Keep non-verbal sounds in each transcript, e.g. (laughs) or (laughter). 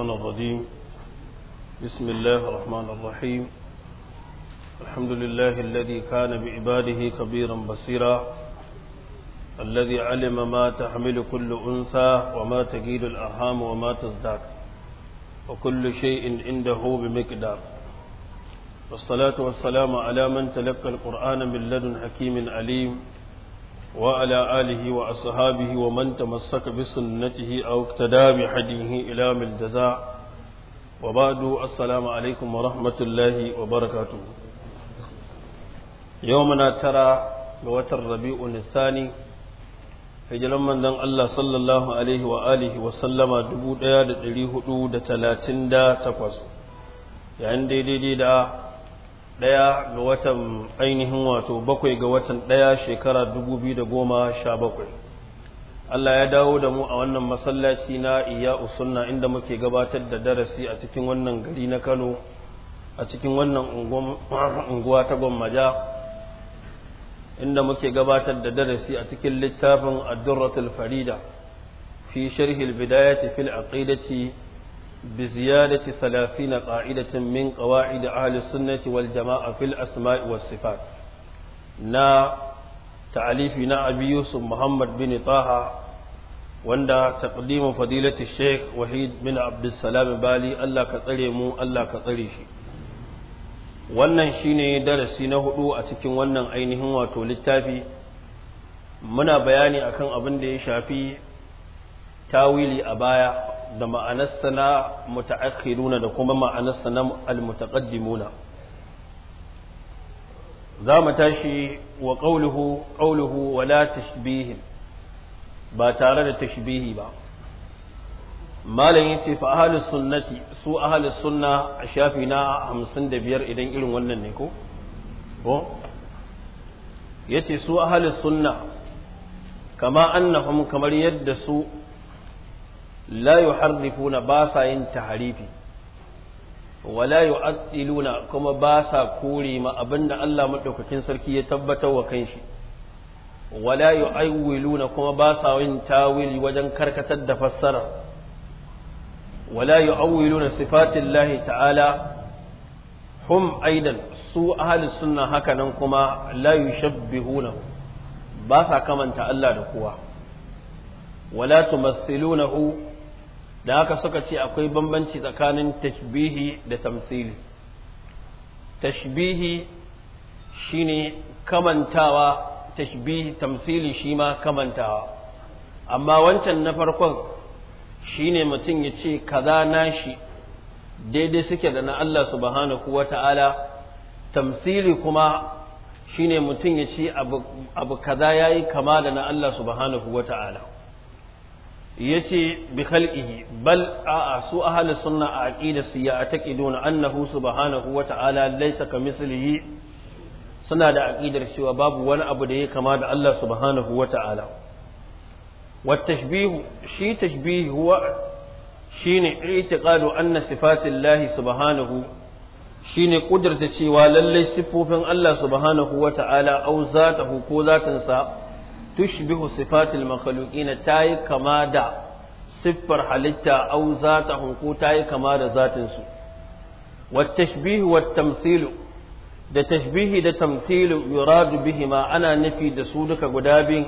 الرحمن الرحيم بسم الله الرحمن الرحيم الحمد لله الذي كان بعباده كبيرا بصيرا الذي علم ما تحمل كل أنثى وما تجيد الأرحام وما تزداد وكل شيء عنده بمقدار والصلاة والسلام على من تلقى القرآن من لدن حكيم عليم وعلى آله وأصحابه ومن تمسك بسنته أو اقتدى بحديه إلى من الجزاء وبعد السلام عليكم ورحمة الله وبركاته يومنا ترى بوتر ربيع الثاني hijiran manzon Allah sallallahu alaihi wa alihi wa sallama 1438 yayin daidai da ɗaya ga watan ainihin wato bakwai ga watan ɗaya shekara dubu biyu da goma sha bakwai Allah ya dawo da mu a wannan masallaci na iya usunna inda muke gabatar da darasi a cikin wannan gari na Kano a cikin wannan unguwa ta gwammaja inda muke gabatar da darasi a cikin littafin addurratul farida fi sharhil bidayati fil aqidati بزيادة ثلاثين قاعدة من قواعد أهل السنة والجماعة في الأسماء والصفات نا تعليفنا أبي يوسف محمد بن طه وندا تقديم فضيلة الشيخ وحيد بن عبد السلام بالي الله كتريمو الله كتريشي wannan shine darasi na hudu a cikin wannan ainihin wato littafi muna bayani akan abin da ya shafi tawili a baya da ma'anarsa na muta'akhiruna da kuma ma'anarsa na almutaqaddimuna za mu tashi wa qawluhu qawluhu wala tashbihin ba tare da tashbihi ba malam yace fa ahlus sunnati su ahlus sunna a shafi na 55 idan irin wannan ne ko ko yace su ahlus sunna kama annahum kamar yadda su la yuharrifuna ba sa yin taharifi wala yu'attiluna kuma basa kore ma abinda Allah madaukakin sarki ya tabbatar wa kanshi wala yu'awwiluna kuma ba sa yin tawili wajen karkatar da fassarar wala yu'awwiluna sifatillahi ta'ala hum aidan su ahli sunna hakanan kuma layu yushabbihuna ba sa kamanta Allah da kowa wala tumaththilunahu da haka suka ce akwai bambanci tsakanin tashbihi da tamsili tashbihi shine kamantawa tashbihi tamsili shi ma kamantawa amma wancan na farkon shine mutum ya ce kaza nashi daidai suke da na Allah subhanahu wa ta'ala tamsili kuma shine mutum ya ce abu kaza yayi kama da na Allah subhanahu wa ta'ala yace bi khalqihi bal A'a, su ahlus sunna a aqida su ya taqiduna annahu subhanahu wa ta'ala laysa kamithlihi suna da aqidar cewa babu wani abu da ya kama da Allah subhanahu wa ta'ala wa tashbihu shi tashbihi huwa shine i'tiqadu anna sifatillahi subhanahu shine kudirta cewa lallai siffofin Allah subhanahu wa ta'ala au zatahu ko sa. tushbihu sifatil makhluqina tayi kama da siffar halitta au zata hunku tayi kama da zatin su wat tashbihu wat da tashbihi da tamthilu yuradu bihima ana nufi da su duka guda biyu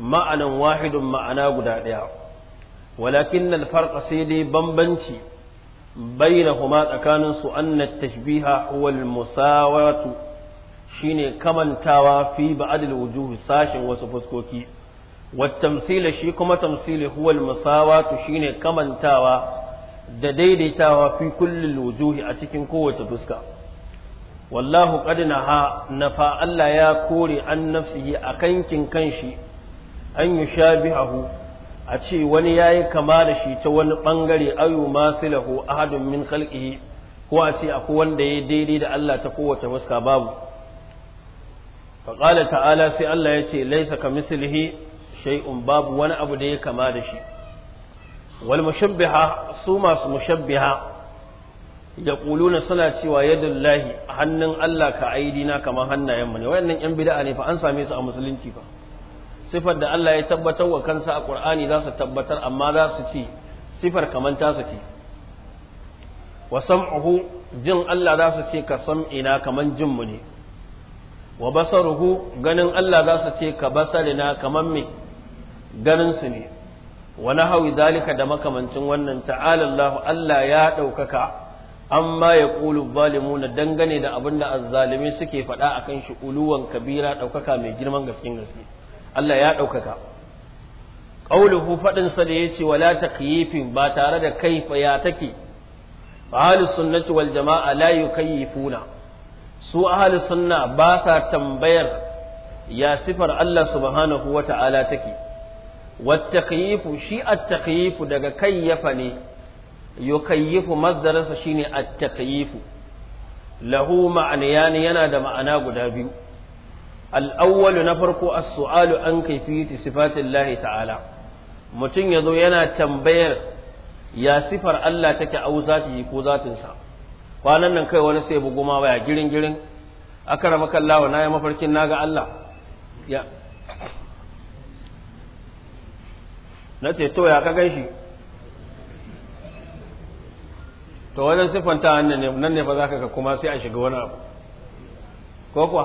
ma'anan wahidun ma'ana guda ɗaya. walakin al farqa sai dai bambanci bainahuma tsakanin su anna tashbiha huwa al musawatu shine kamantawa fi ba'adil wujuhi sashin wasu fuskoki والتمثيل shi kuma tamsili huwa al shi shine kamantawa da daidaitawa fi kullum wujuhi a cikin kowace fuska wallahu qad naha nafa Allah ya kore an a kankin kan shi an yushabihahu a ce wani yayi kama da shi ta wani bangare ayu a ahadun min khalqihi ko a ce akwai wanda yayi daidai da Allah ta kowace fuska babu faƙala ta'ala sai Allah ya ce laisa ka mislihi shay'un babu wani abu da ya kama da shi wal mushabbiha su masu mushabbiha yaquluna suna cewa a hannun Allah ka dina kamar hannayen mu ne Waɗannan yan bid'a ne fa an same su a musulunci fa sifar da Allah ya tabbatar wa kansa a Kur'ani za su tabbatar amma za su ce sifar kamar ta su ce wa sam'uhu jin Allah za su ce ka sam'ina kamar jin mu ne wa basaruhu ganin Allah za su ce ka basarina kamar me ganin su ne wa nahawi zalika da makamancin wannan ta'ala Allah Allah ya ɗaukaka amma ya qulu zalimuna dangane da abin da azzalimi suke faɗa akan shi uluwan kabira ɗaukaka mai girman gaskin gaske Allah ya ɗaukaka qauluhu faɗin sa da ya yace wala taqyifin ba tare da kaifa ya take fa ahlus sunnati wal jama'a la yukayyifuna su ahli sunna ba sa tambayar ya sifar Allah subhanahu wa ta'ala take wattaqiyifu shi attaqiyifu daga kayyafa ne yukayyifu mazdararsa shine attaqiyifu lahu ne yana da ma'ana guda biyu al'awwalu na farko as-su'alu an kayfiyati sifatillahi ta'ala mutum ya zo yana tambayar ya sifar Allah take au ko zatinsa kwanan nan kai wani sai buguma baya girin girin aka rama kallawa na yi mafarkin naga Allah ya na ce to ya ka gan shi to wajen siffanta nan ne ba za ka ga kuma sai a shiga wani abu ko kuwa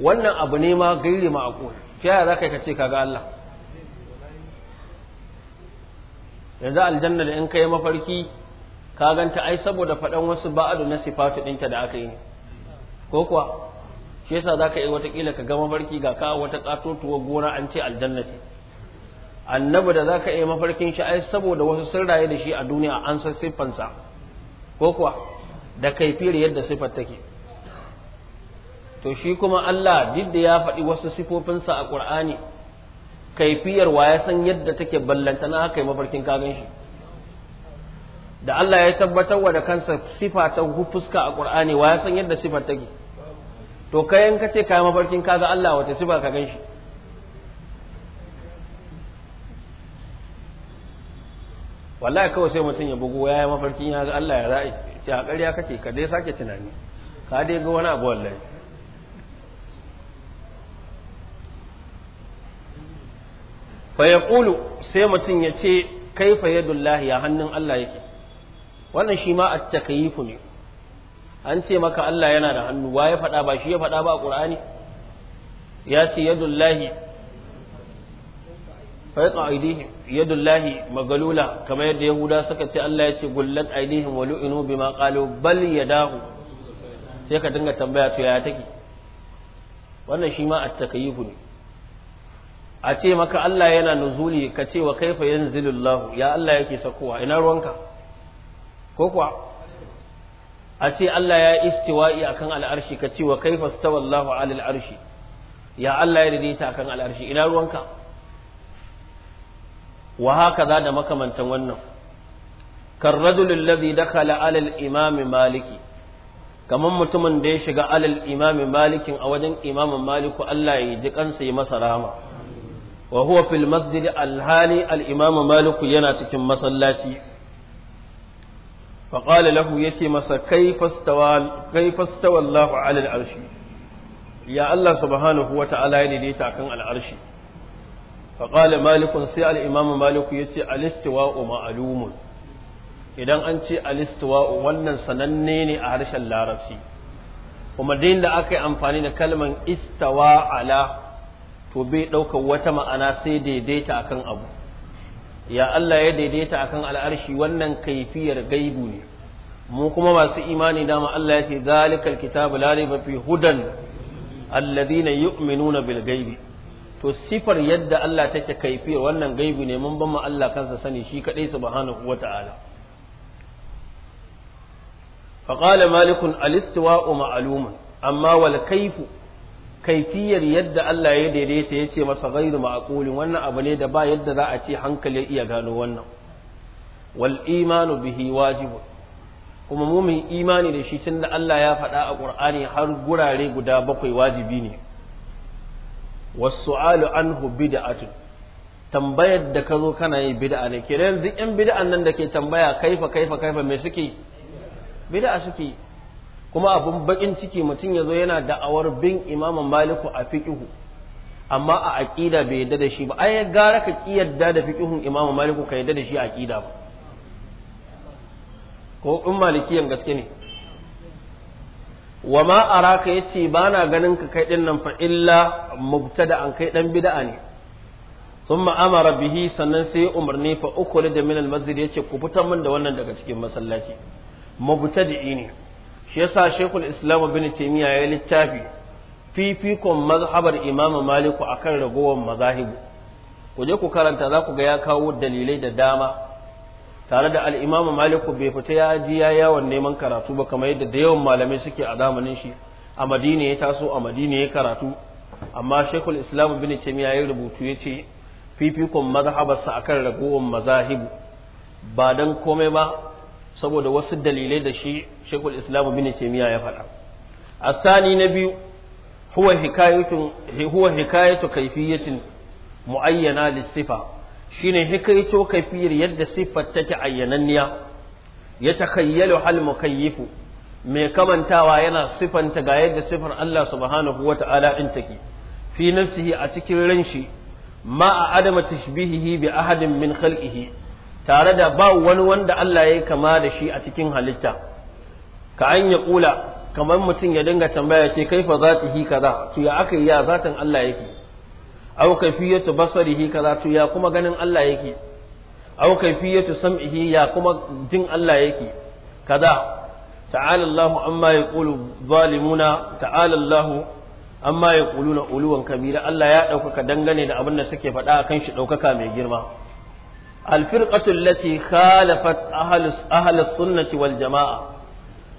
wannan abu ne ma gairi aku shi yaya za ka yi ka ce ka ga Allah yanzu aljanna da in ka yi mafarki ka ganta ai saboda faɗan wasu ba'adu na sifatu ɗinta da aka yi ko kuwa shi yasa za ka wata kila ka gama mafarki ga ka wata ƙatotuwar gona an ce aljanna ce annabi da za ka yi mafarkin shi ai saboda wasu sun raye da shi a duniya an san siffansa ko kuwa da kaifiyar yadda siffar take to shi kuma Allah duk da ya faɗi wasu sifofinsa a ƙur'ani kaifiyar wa ya san yadda take ballantana haka yi mafarkin ka gan shi da Allah ya tabbatar wa da kansa sifa ta fuska a Qur'ani wa ya san yadda sifar take to kai in kace kai mafarkin kaga Allah wata sifa ka ganshi wallahi kawai sai mutum ya bugu ya yi mafarkin ya ga Allah ya ra'i ce a ƙarya kake ka dai sake tunani ka dai ga wani abu wallahi fa yaqulu sai mutum ya ce kaifa yadullahi ya hannun Allah yake wannan shi ma at-takayyifu ne an ce maka Allah yana da hannu wa ya faɗa ba shi ya faɗa ba a Qur'ani ya ce yadullahi fayqa aydihim yadullahi magalula kamar yadda yahuda suka ce Allah ya ce gullat aydihim wa lu'inu ma qalu bal yadahu sai ka dinga tambaya to yaya take wannan shi ma at-takayyifu ne a ce maka Allah yana nuzuli ka ce wa kaifa yanzilullahu ya Allah yake sakowa ina ruwanka ko kuwa a ce Allah ya istiwa'i akan al'arshi ka ce wa kaifa stawallahu alal arshi ya Allah ya daidaita akan al'arshi ina ruwanka wa haka za da makamantan wannan kan rajulul ladhi dakhala alal imami maliki kamar mutumin da ya shiga alal imami malikin a wajen imamin maliku Allah ya ji kansa yi masa rama. wa huwa fil masjid alhali al imamu maliku yana cikin masallaci faƙala lahu ya ce masa kai fastawa Allah ala al'arshi ya Allah subhanahu wa ta'ala ya daidaita akan al'arshi faƙala malikun sai al'imamu maliku ya ce alistiwa'u ma'alumun idan an ce alistiwa'u wannan sananne ne a harshen larabci kuma din da aka yi amfani da kalman istawa ala to bai ɗaukar wata ma'ana sai daidaita akan abu ya Allah ya daidaita akan al'arshi wannan kaifiyar gaibu ne mu kuma masu imani dama Allah ya ce zalikal kitabu la raiba hudan alladhina yu'minuna bil gaibi to sifar yadda Allah take kaifiyar wannan gaibu ne mun ban Allah kansa sani shi kadai subhanahu ta'ala فقال مالك الاستواء معلوم أما والكيف kaifiyar yadda Allah ya daidaita ya ce masa gairu ma'qulin wannan abu ne da ba yadda za a ce hankali iya gano wannan wal imanu bihi wajibu kuma mumin imani da shi tun da Allah ya faɗa a Qur'ani har gurare guda bakwai wajibi ne wasu alu an wasu'alu da atu tambayar da ka zo kana yi bid'a ne kiran duk yan bid'an nan da ke tambaya kaifa kaifa kaifa me suke bid'a suke kuma abun bakin ciki mutum ya zo yana da'awar bin imaman maliku a fiƙihu amma a aƙida bai yadda da shi ba ai gara ka ƙi yadda da fiƙihun imaman maliku ka yadda da shi a aƙida ba ko in malikiyan gaske ne wa ma araka yace ba na ganin ka kai din nan fa illa mubtada an kai dan bid'a ne thumma amara bihi sannan sai ya umarni fa ukul da min al masjid yace ku fitar min da wannan daga cikin masallaci mubtadi'i ne shi yasa shekul islam bin taimiyya ya littafi fifikon mazhabar imam maliku akan ragowar mazahibu ku je ku karanta za ku ga ya kawo dalilai da dama tare da al'imamu maliku bai fita ya ji ya yawon neman karatu ba kamar yadda da yawan malamai suke a zamanin shi a madina ya taso a madina ya karatu amma shekul islam bin taimiyya ya rubutu ya ce fifikon mazhabarsa akan ragowar mazahibu ba dan komai ba saboda wasu dalilai da shi shekul islamu bin taimiyya ya faɗa sani na biyu huwa hikayatu huwa hikayatu kayfiyatin muayyana lisifa shine hikayato kayfiyar yadda siffar take ayyananniya ya takayyalu hal mukayyifu mai kamantawa yana sifanta ga yadda sifar Allah subhanahu wata'ala in take fi nafsihi a cikin ranshi ma a adama tashbihihi bi ahadin min khalqihi tare da ba wani wanda Allah ya yi kama da shi a cikin halitta ka an ya kula kamar mutum ya dinga tambaya ce kaifa hi kaza to ya aka ya zatan Allah yake aw kaifiyatu hi kaza to ya kuma ganin Allah yake aw kaifiyatu sam'ihi ya kuma jin Allah yake kaza ta'ala Allah amma ƙulu zalimuna ta'ala Allah amma yaquluna uluwan kabira Allah ya ɗaukaka dangane da abin da suke faɗa kan shi ɗaukaka mai girma الفرقة التي خالفت أهل أهل السنة jama'a.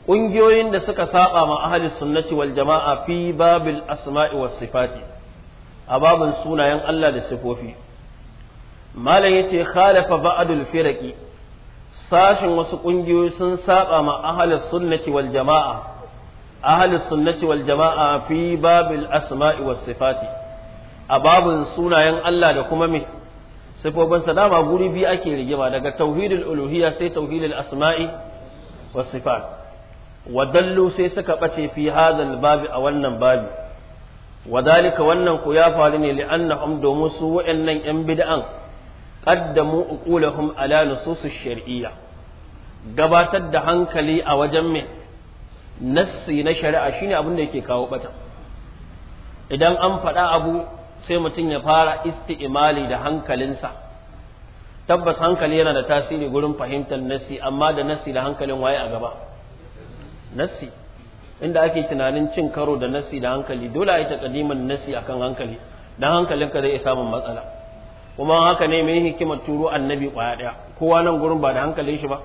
ƙungiyoyin da suka saba ma ahli sunnati wal jama'a fi babil asma'i was sifati a babin sunayen Allah da sifofi malam yace khalafa ba'dul firaqi sashin wasu ƙungiyoyi sun saba ma ahli sunnati wal jama'a ahli sunnati wal jama'a fi babil asma'i was sifati a babin sunayen Allah da kuma me sifofin sadama guri biyu ake rigima daga tauhidul uluhiyya sai tauhidul asma'i wa sifat wa dallu sai suka bace fi hadal babi a wannan babi wadalika wannan ku ya faru ne li'annahum domin su wa'annan yan bid'an qaddamu uqulahum ala nususish shar'iyya gabatar da hankali a wajen mai nassi na shari'a shine abin da yake kawo bata idan an faɗa abu sai mutum ya fara isti'imali da hankalinsa tabbas hankali yana da tasiri gurin fahimtar nasi amma da nasi da hankalin waye a gaba nasi inda ake tunanin cin karo da nasi da hankali dole a yi taƙadimin nasi akan hankali dan hankalin ka zai iya samun matsala kuma haka ne mai hikimar turo annabi kwaya ɗaya kowa nan gurin ba da hankalin shi ba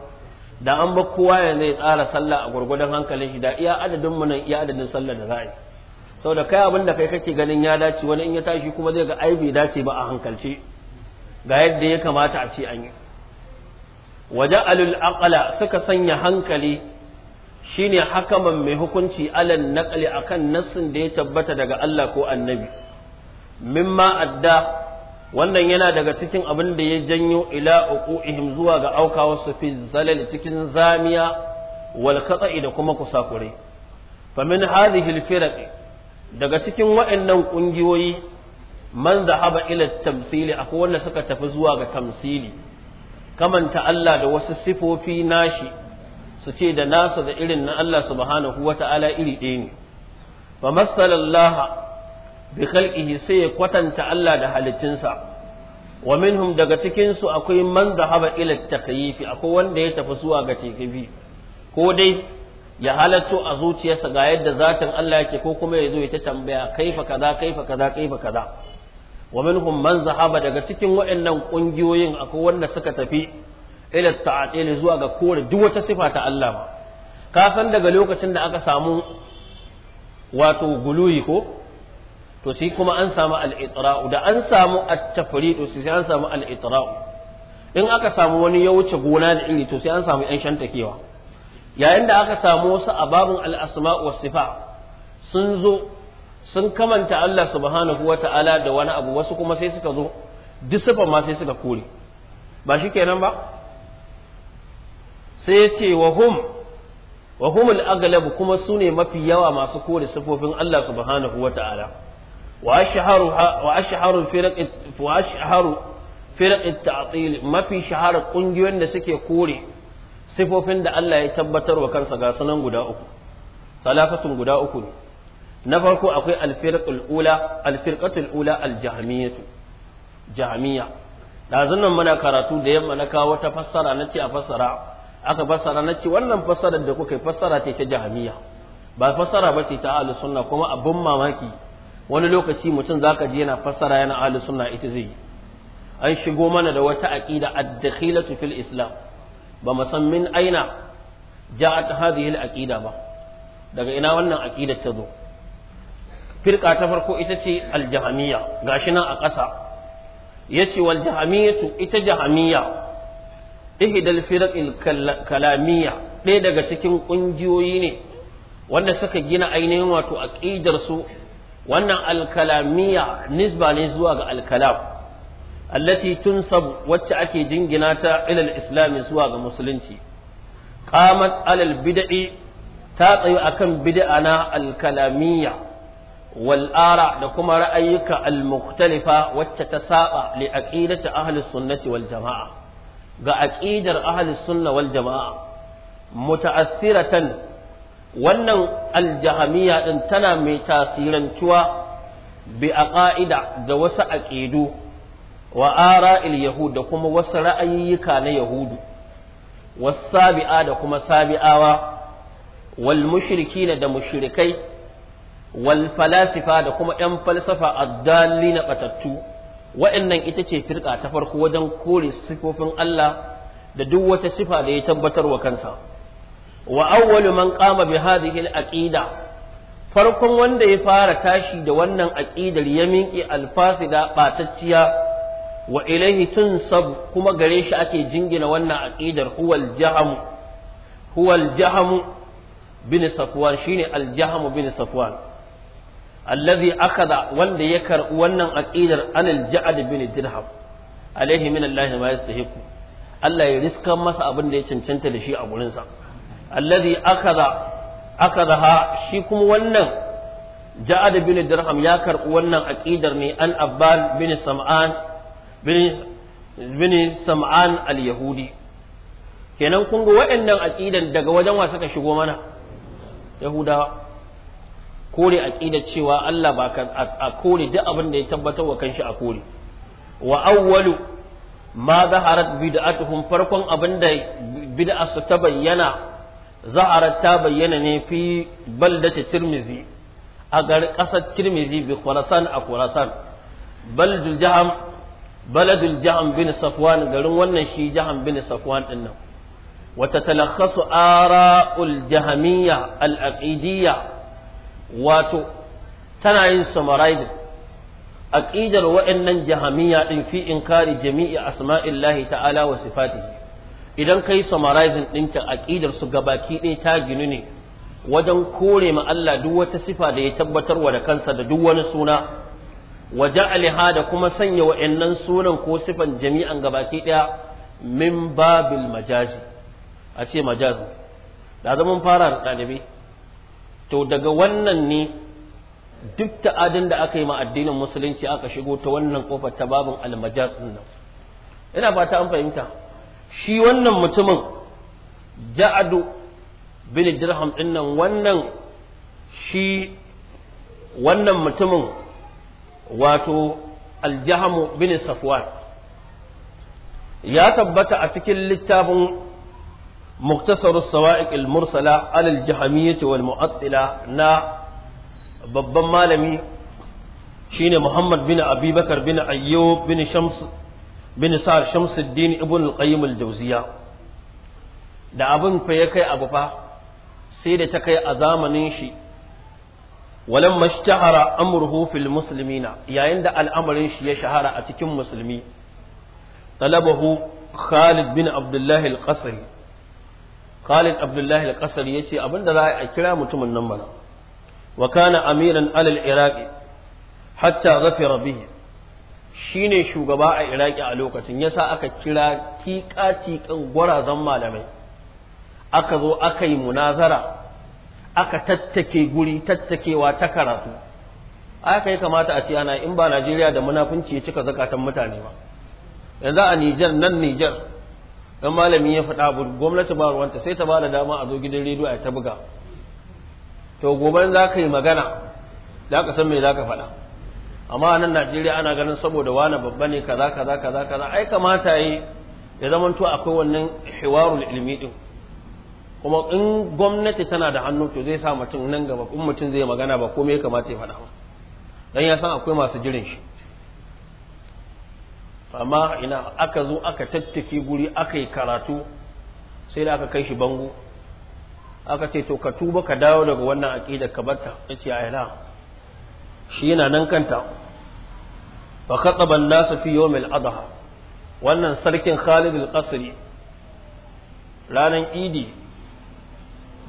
da an ba kowa ya zai tsara sallah a gwargwadon hankalin shi da iya adadin mu nan iya adadin sallah da za yi saboda kai abin da kai kake ganin ya dace wani in ya tashi kuma zai ga aibi dace ba a hankalce ga yadda ya kamata a ce an yi waje alulaƙala suka sanya hankali shine hakaman mai hukunci alal naqli akan nassin da ya tabbata daga Allah ko annabi mimma adda wannan yana daga cikin abin da ya janyo ila uquihim zuwa ga aukawa su fi zalal cikin zamiya wal da kuma kusakurai famin hadhihi al daga cikin waɗannan ƙungiyoyi man zahaba ila tamsili akwai wanda suka tafi zuwa ga tamsili kamanta Allah da wasu sifofi nashi su ce da nasa da irin na Allah subhanahu wata'ala iri ɗaya ne fa masalallah bi khalqihi sai ya kwatanta Allah da halittinsa wa minhum daga cikin su akwai man zahaba ila takyifi akwai wanda ya tafi zuwa ga takyifi ko dai ya halatto a zuciyarsa ga yadda zatin Allah yake ko kuma ya zo ya ta tambaya kaifa kaza kaifa kaza kaifa kaza wa minhum man zahaba daga cikin waɗannan kungiyoyin akwai wanda suka tafi ila ta'atil zuwa ga kore duk wata sifa ta Allah ba ka san daga lokacin da aka samu wato guluyi ko to sai kuma an samu al-itra'u da an samu at-tafridu sai an samu al-itra'u in aka samu wani ya wuce gona da iri to sai an samu yan shantakewa yayin da aka samu wasu ababun al'asma wa sifa sun zo sun kamanta Allah subhanahu wa ta'ala da wani abu wasu kuma sai suka zo duk ma sai suka kore ba shi kenan ba sai ya ce wa hum al’agalabu kuma su ne mafi yawa masu kore sifofin Allah subhanahu wa ta'ala wa ashharu firaq wa mafi shaharar ƙungiyoyin da suke kore sifofin da Allah ya tabbatar wa kansa ga sunan guda uku salafatun guda uku ne na farko akwai alfirqatul ula aljahamiyatu, jahamiya. aljahmiyatu nan karatu da yamma na kawo wata fassara na ce a fassara aka fassara na ce wannan fassarar da kuka yi fassara ce ta jahamiya. ba fassara ba ce ta ahlus sunna kuma abun mamaki wani lokaci mutum zaka ji yana fassara yana ahlus sunna ita zai an shigo mana da wata aƙida ad-dakhilatu fil islam ba mu san aina ja'at hadhihi al-aqida ba daga ina wannan aqidar ta zo firqa ta farko ita ce al gashi nan a ƙasa yace wal jahamiyatu ita jahamiyya ihdal firaq al-kalamiyya ɗaya daga cikin ƙungiyoyi ne wanda suka gina ainihin wato aqidar su wannan al-kalamiyya nisba ne zuwa ga al-kalam allati tunsab wacce ake jingina ta ilal islami zuwa ga musulunci qamat alal bid'i ta tsayu akan bid'a na alkalamiyya wal'ara da kuma ra'ayuka almuktalifa wacce ta saba li aqidati ahli sunnati wal ga aƙidar ahli sunna wal jamaa muta'assiratan wannan aljahamiyya din tana mai tasirantuwa bi aqaida da wasu aƙidu. wa il yahud da kuma wasu ra'ayyuka na yahudu sabi'a da kuma sabi'awa wal mushrikina da mushrikai wal falasifa da kuma yan falsafa addali na batattu wa'annan ita ce firka ta farko wajen kore sifofin Allah da duk wata sifa da ya tabbatar wa kansa wa awwalu man qama bi hadhihi al aqida farkon wanda ya fara tashi da wannan aqidar ya al alfasida batacciya wa ilaihi tunsab kuma gare shi ake jingina wannan aƙidar huwal jaham huwal jaham bin safwan shine al jaham bin safwan alladhi akada wanda ya karɓi wannan aqidar anil ja'ad bin dirham alaihi min Allah ma yastahiqu Allah ya riska masa abin da ya cancanta da shi a gurin sa akada. akhadha akhadha shi kuma wannan ja'ad bin dirham ya karɓi wannan aƙidar ne an abbal bin sam'an bin sam'an al-yahudi kenan kun ga waɗannan aqidan daga wajen wa ka shigo mana yahuda kore aqidar cewa Allah ba ka a kore duk abin da ya tabbatar wa kanshi a kore wa awwalu ma zaharat bid'atuhum farkon abin da bid'a su ta bayyana zaharat ta bayyana ne fi baldati tirmizi a gar kasar tirmizi bi khurasan a khurasan baldul jaham baladul jahan bin safwan garin wannan shi jahan bin safwan din wata talakasu ara'ul jahamiyya al aqidiyya wato tana yin samaraidin Aƙidar waɗannan jahamiyya ɗin fi in kare jami'i asma'illahi ta'ala wa sifatihi idan kai samarizin ɗinta aƙidar su gabaki ɗaya ta ginu ne wajen kore ma Allah duk wata sifa da ya tabbatar wa da kansa da duk wani suna wa aliha da kuma sanya wa'annan sunan ko sifan jami'an gabaki daya min babil majazi a ce majazi da zaman fara da ɗalibi to daga wannan ne duk ta'adin da aka yi ma addinin musulunci aka shigo ta wannan kofar ta babin almajaz nan ina fata an fahimta shi wannan mutumin ja'adu bin dirham din nan wannan shi wannan mutumin wato aljahamu bin safwan ya tabbata a cikin littafin muktasar sawa'iq al-mursala alal jahamiyyati wal mu'attila na babban malami shine Muhammad bin Abi Bakar bin Ayyub bin Shams bin Sa'ar Shamsuddin ibn al-Qayyim al da abin fa ya kai abu fa sai da ta kai a zamanin shi walan mashtahara amruhu fil muslimina yayin da al'amarin shi ya shahara a cikin musulmi talabahu Khalid bin Abdullahi al-Qasri Khalid Abdullahi al-Qasri yace abinda za a kira mutumin nan mana wa amiran alal iraqi hatta zafira bihi shine shugaba a iraqi a lokacin yasa aka kira tika tikan gwarazan malamai aka zo aka yi munazara aka tattake guri tattakewa ta karatu aka yi kamata a ce ana in ba Najeriya da munafunci ya cika zakatan mutane ba yanzu a Nijar nan Nijar dan malami ya faɗa abu gwamnati ba ruwanta sai ta bada dama a zo gidan rediyo a ta buga to gobe za ka yi magana za ka san me za ka faɗa amma a nan Najeriya ana ganin saboda wani babba ne kaza kaza kaza kaza ai kamata yi ya zamanto akwai wannan hiwarul ilmi din kuma in gwamnati tana da hannu to zai sa mutum nan gaba in mutum zai magana ba komai kamata ya faɗa dan ya san akwai masu jirin shi amma ina aka zo aka tattake guri aka yi karatu sai da aka kai shi bango aka ce to ka tuba ka dawo daga wannan aqida ka batta yace ayala shi yana nan kanta ba ka an-nas fi yawm al-adha wannan sarkin Khalid al-Qasri ranan Idi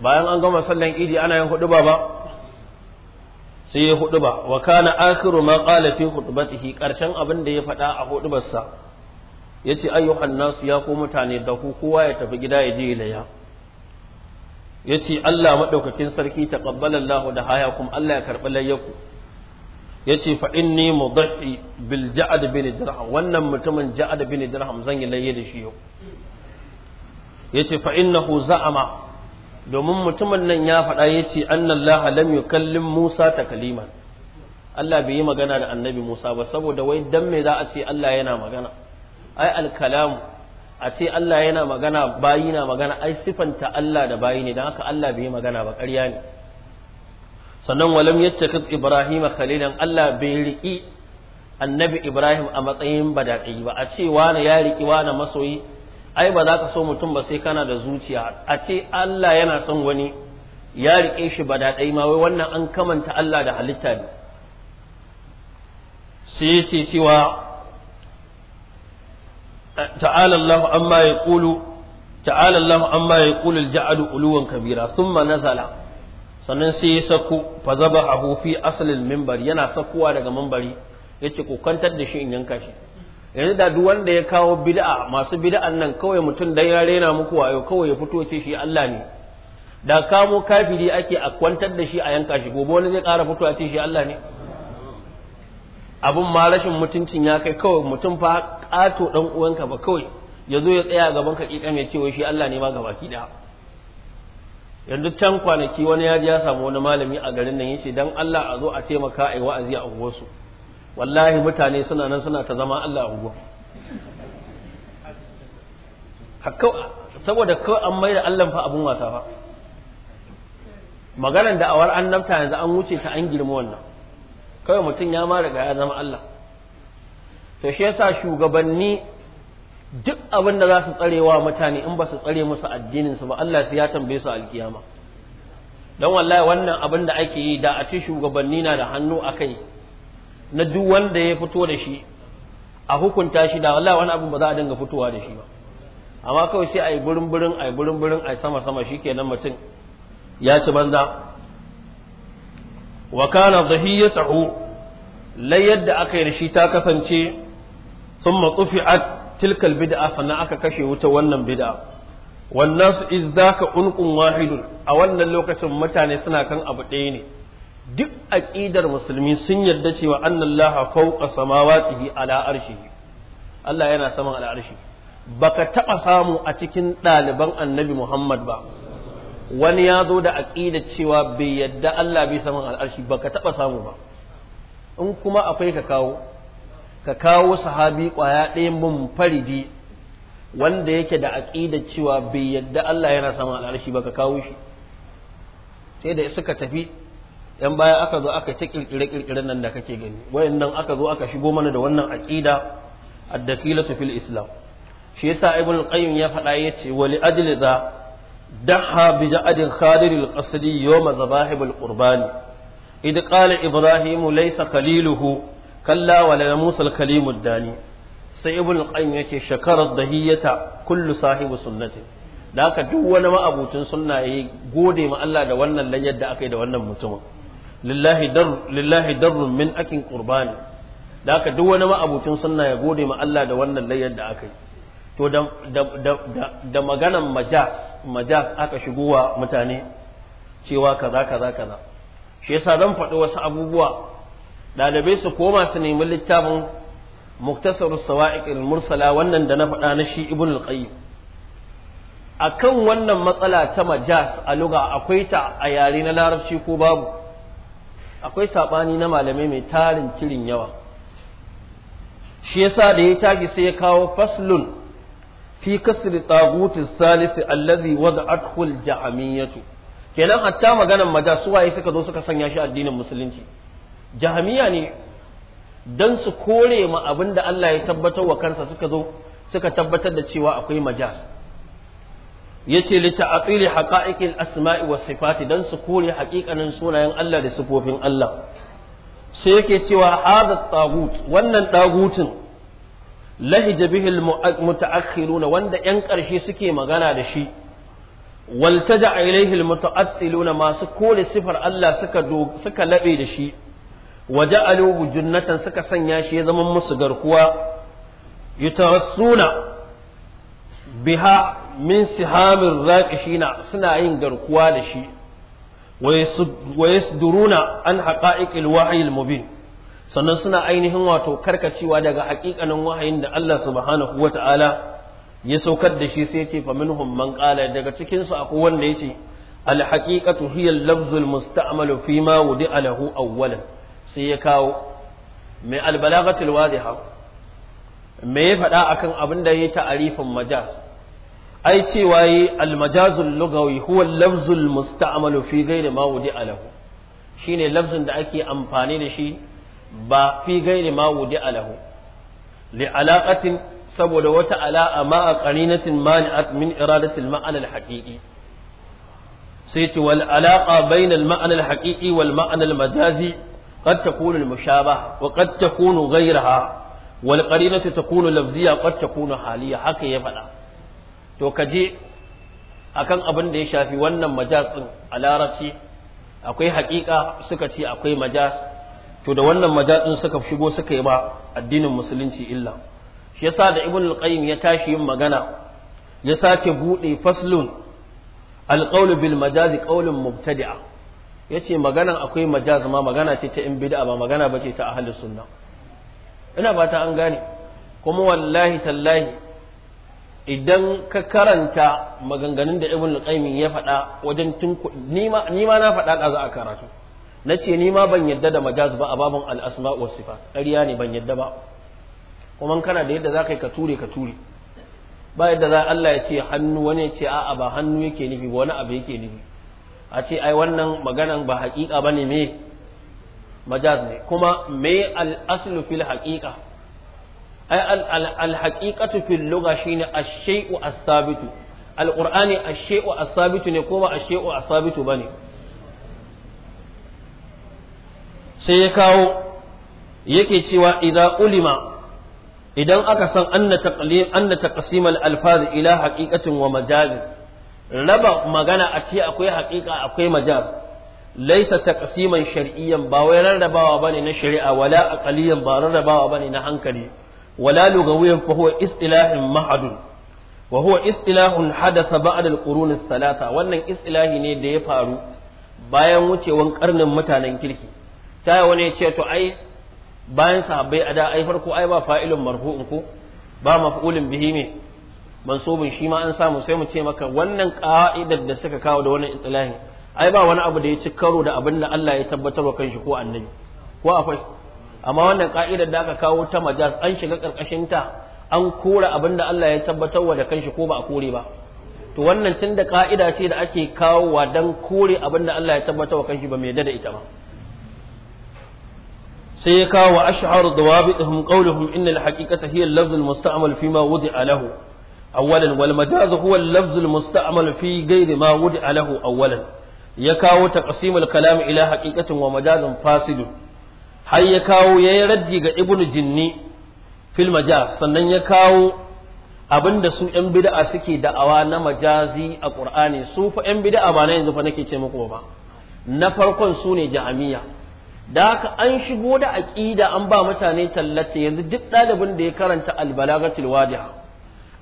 bayan an gama sallan idi ana yin huduba ba sai ya huduba wa kana akhiru ma qala fi khutbatihi karshen abin da ya faɗa a hudubarsa yace ayyuhan nasu ya ku mutane da ku kowa ya tafi gida ya je laya yace Allah madaukakin sarki taqabbala Allahu da haya kuma Allah ya karbi layyaku yace fa inni mudhi bil ja'd bin dirham wannan mutumin ja'd bin dirham zan yi layye da shi yau yace fa innahu za'ama domin mutumin nan ya faɗa ya ce annallaha lam yukallim Musa Kalima Allah bai yi magana da annabi Musa ba saboda wai dan me za a ce Allah yana magana ai alkalamu a ce Allah yana magana bayi na magana ai sifanta Allah da bayi ne dan haka Allah bai yi magana ba ƙarya ne sannan walam yattakid Ibrahim khalilan Allah bai riki annabi Ibrahim a matsayin badaƙi ba a ce wani ya riki wani masoyi ai ba za ka so mutum ba sai kana da zuciya a ce Allah yana son wani ya riƙe shi ba daɗai ma wai wannan an kamanta Allah da halitta ne sai ce cewa ta'ala Allah amma ya ƙulu ta'ala Allah amma ya uluwan kabira thumma nazala sannan sai ya sako fa zaba fi asalin mimbar yana sakuwa daga mimbari yace ko kwantar da shi in yanka shi yanzu da duk wanda ya kawo bid'a masu bid'an nan kawai mutum dan ya rena muku wayo kawai ya fito ce shi Allah ne da kamo kafiri ake a kwantar da shi a yanka shi gobe wani zai kara fito a ce shi Allah ne abun ma rashin mutuncin ya kai kawai mutum fa ƙato dan uwanka ba kawai ya zo ya tsaya gaban ka kika mai cewa shi Allah ne ma gabaki ɗaya yanzu can kwanaki wani ya ji ya samu wani malami a garin nan yace dan Allah a zo a taimaka a yi wa'azi a unguwarsu wallahi mutane suna nan suna ta zama Allah ugu saboda kawai an mai da Allah fa abun wasa fa maganar da awar annabta yanzu an wuce ta an girma wannan kawai mutum ya ma riga ya zama Allah to shi yasa shugabanni duk abin da za su tsarewa mutane in ba su tsare musu addinin su ba Allah sai ya tambaye su alkiyama don wallahi wannan abin da ake yi da a ci shugabanni na da hannu a kai na duk wanda ya fito da shi a hukunta shi da wallahi wani abu ba za a dinga fitowa da shi ba amma kawai sai a yi burin burin a yi burin sama sama shikenan mutum ya ci banza wa kana dhahiyatuhu layyar yadda aka yi da shi ta kasance thumma a tilkal bid'a sannan aka kashe wuta wannan bid'a wannan su iz zaka unqun wahidun a wannan lokacin mutane suna kan abu ɗaya ne duk aqidar musulmi sun yarda cewa annallaha fawqa samawatihi ala arshihi Allah yana saman ala arshi baka taba samu a cikin ɗaliban annabi Muhammad ba wani ya zo da aqidar cewa bai yarda Allah bai saman arshi baka taba samu ba in kuma akwai ka kawo ka kawo sahabi kwaya ɗaya mun faridi wanda yake da aƙida cewa bai yadda Allah yana sama ala ba ka kawo shi sai da suka tafi yan baya aka zo aka ta kirkire kirkiren nan da kake gani wayannan aka zo aka shigo mana da wannan aqida ad-dakilatu fil islam shi yasa ibn qayyim ya faɗa yace wa li ajli da daha bi ja'adin khadir al-qasdi yawm zabahib al-qurban id qala ibrahim laysa khaliluhu kalla wa la musa al-kalim ad-dani sai ibn al-qayyim yace shakarar dahiyata kullu sahibu sunnati da haka duk wani ma'abucin sunna ya gode ma Allah da wannan lanyar da aka yi da wannan mutumin lillahi darrun min akin qurbani da aka duk wani ma'abucin sunna ya gode ma Allah da wannan layyar da aka yi to da maganan majas majas aka shigo wa mutane cewa kaza kaza kaza shi yasa zan faɗi wasu abubuwa dalibai su koma su nemi littafin muktasar sawa'iq al-mursala wannan da na faɗa na shi ibn al-qayyim akan wannan matsala ta majas a luga akwai ta a yare na larabci ko babu akwai saɓani na malamai mai tarin kirin yawa shi yasa da ya tagi sai ya kawo faslun fi kasri tagutis salisi allazi wada'athu al-ja'amiyatu kenan hatta maganan maja waye suka zo suka sanya shi addinin musulunci jahamiya ne dan su kore ma abin da Allah ya tabbatar wa kansa suka zo suka tabbatar da cewa akwai majas yace li ta'tili haqa'iqil asma'i wa sifati dan su kore hakikanin sunayen Allah da sifofin Allah sai yake cewa hadha tagut wannan tagutin lahija bihi al wanda yan ƙarshe suke magana da shi waltaja ilaihi almuta'attiluna masu kore sifar Allah suka suka labe da shi waja'aluhu junnatan suka sanya shi ya zama musu garkuwa yutarassuna biha min sihamin raƙishina suna yin garkuwa da shi wa yasduruna an haqa'iqil wahyil mubin sannan suna ainihin wato karkacewa daga haƙiƙanin wahayin da Allah subhanahu wata'ala ya saukar da shi sai ya fa minhum man qala daga cikin su akwai wanda yace al haqiqatu hiya al lafzul musta'malu fi ma wudi'a lahu awwalan sai ya kawo mai al balaghatil wadiha me ya faɗa akan abin da yayi ta'arifin majaz ai cewa yi almajazul lugawi huwa lafzul musta'malu fi ghairi ma wudi'a lahu shine lafzin da ake amfani da shi ba fi ghairi ma wudi'a lahu li alaqatin saboda wata ala'a ma a mani'at min iradatil ma'ana al-haqiqi sai ce wal alaqa bainal ma'ana al wal ma'ana al-majazi qad takunu al-mushabaha wa qad takunu ghayraha wal qarinatu takunu lafziyya haka ya faɗa to ka je kan abin da ya shafi wannan majaz a larabci akwai haƙiƙa suka ce akwai majas to da wannan majaz din suka shigo suka yi ba addinin musulunci illa shi yasa da ibn al-qayyim ya tashi yin magana ya sake bude faslun al bil majazi qawlun mubtadi'a yace maganan akwai majaz ma magana ce ta in bid'a ba magana bace ta ahlus sunna ina fata an gane kuma wallahi tallahi idan ka karanta maganganun da ibn al ya faɗa wajen tun ni ma na faɗa da a karatu na ce ni ma ban yadda da majaz ba a babin al-asma wa sifat ƙarya ne ban yadda ba kuma kana da yadda za ka yi ka ture ka ture ba yadda za Allah ya ce hannu wani ya ce a'a ba hannu yake nufi ba wani abu yake nufi a ce ai wannan maganan ba haƙiƙa bane me majaz ne kuma me al-aslu fil haƙiƙa alhaƙiƙatu fil lugha shine ash-shay'u as-sabitu alqur'ani ash-shay'u as-sabitu ne kuma ash-shay'u as-sabitu bane sai ya kawo yake cewa idza ulima idan aka san anna taqlim anna taqsim al-alfaz ila haqiqatin wa majaz raba magana a ce akwai haƙiƙa akwai majaz laisa taqsiman shar'iyyan ba wai rarrabawa bane na shari'a wala aqaliyan ba rarrabawa bane na hankali ولا ga فهو اصطلاح محض وهو اصطلاح حدث istilahun hadasa الثلاثه talata wannan istilahi ne da ya faru bayan wucewan karnin mutanen kirki ta wani ce to ai bayan sahabbai a da ai farko ai ba fa'ilun marfu'un ko ba maf'ulun bihi ne mansubin shi ma an samu sai mu ce maka wannan ka'idar da suka kawo da wannan istilahin ai ba wani abu da ya ci karo da abin da Allah ya tabbatar wa kanshi ko annabi ko akwai amma wannan ka'idar da aka kawo ta majaz an shiga karkashin ta an kora abin da Allah ya tabbatar wa da kanshi ko ba a kore ba to wannan tun da ka'ida ce da ake kawowa dan kore abin da Allah ya tabbatar wa kanshi ba mai yadda da ita ba sai ya kawo ashharu dawabituhum qawluhum inna al-haqiqata hiya al-lafz al-musta'mal fi ma wudi'a lahu awwalan wal majaz huwa al-lafz al-musta'mal fi ghayri ma wudi'a lahu awwalan ya kawo taqsimul kalam ila haqiqatin wa majazin fasidun har ya kawo ya yi raddi ga ibn jinni fil majaz sannan ya kawo abinda su ‘yan bida'a suke da'awa na majazi a ƙur'ani su fa ‘yan bida'a ba na yanzu fa nake ce muku ba na farkon su ne ja'amiya da haka an shigo da aƙida an ba mutane tallata yanzu duk ɗalibin da ya karanta albalagatul wadiha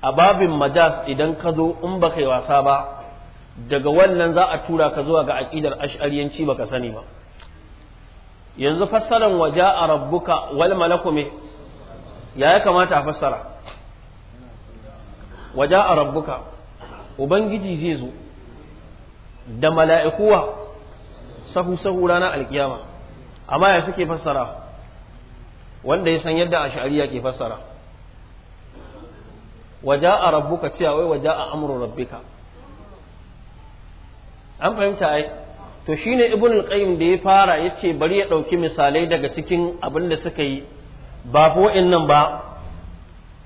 a babin majaz idan ka zo in baka yi wasa ba daga wannan za a tura ka zuwa ga aƙidar ash'ariyanci baka sani ba yanzu fassaran waje a rabbuka wal malaku me ya ya kamata a fassara Waje a rabbuka ubangiji zai zo da mala'ikuwa sahu sahu ranar alkiyama amma ya suke fassara wanda ya san yadda a ashariya ke fassara Waje a rabbuka cewa wai waje a amurin rabbika an fahimta ai to shine ibn al-qayyim da ya fara yace bari ya dauki misalai daga cikin abin da suka yi ba fa wa'annan ba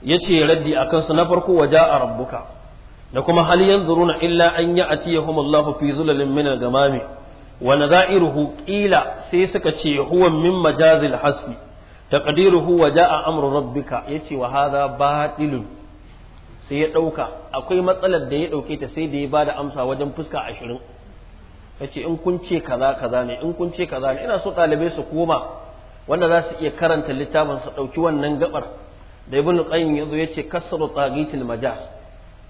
yace raddi akan su na farko waja'a rabbuka da kuma hal yanzuruna illa an ya'tiyahum Allahu fi zulalin min al-gamami wa nadha'iruhu qila sai suka ce huwa min majazil hasbi taqdiruhu waja'a amru rabbika yace wa hadha batilun sai ya dauka akwai matsalar da ya dauke ta sai da ya bada amsa wajen fuska ashirin yace in kun ce kaza kaza ne in kun ce kaza ne ina so ɗalibai su koma wanda za su iya karanta littafin su ɗauki wannan gabar da ibnu qayyim yazo yace kasru tagitil majaz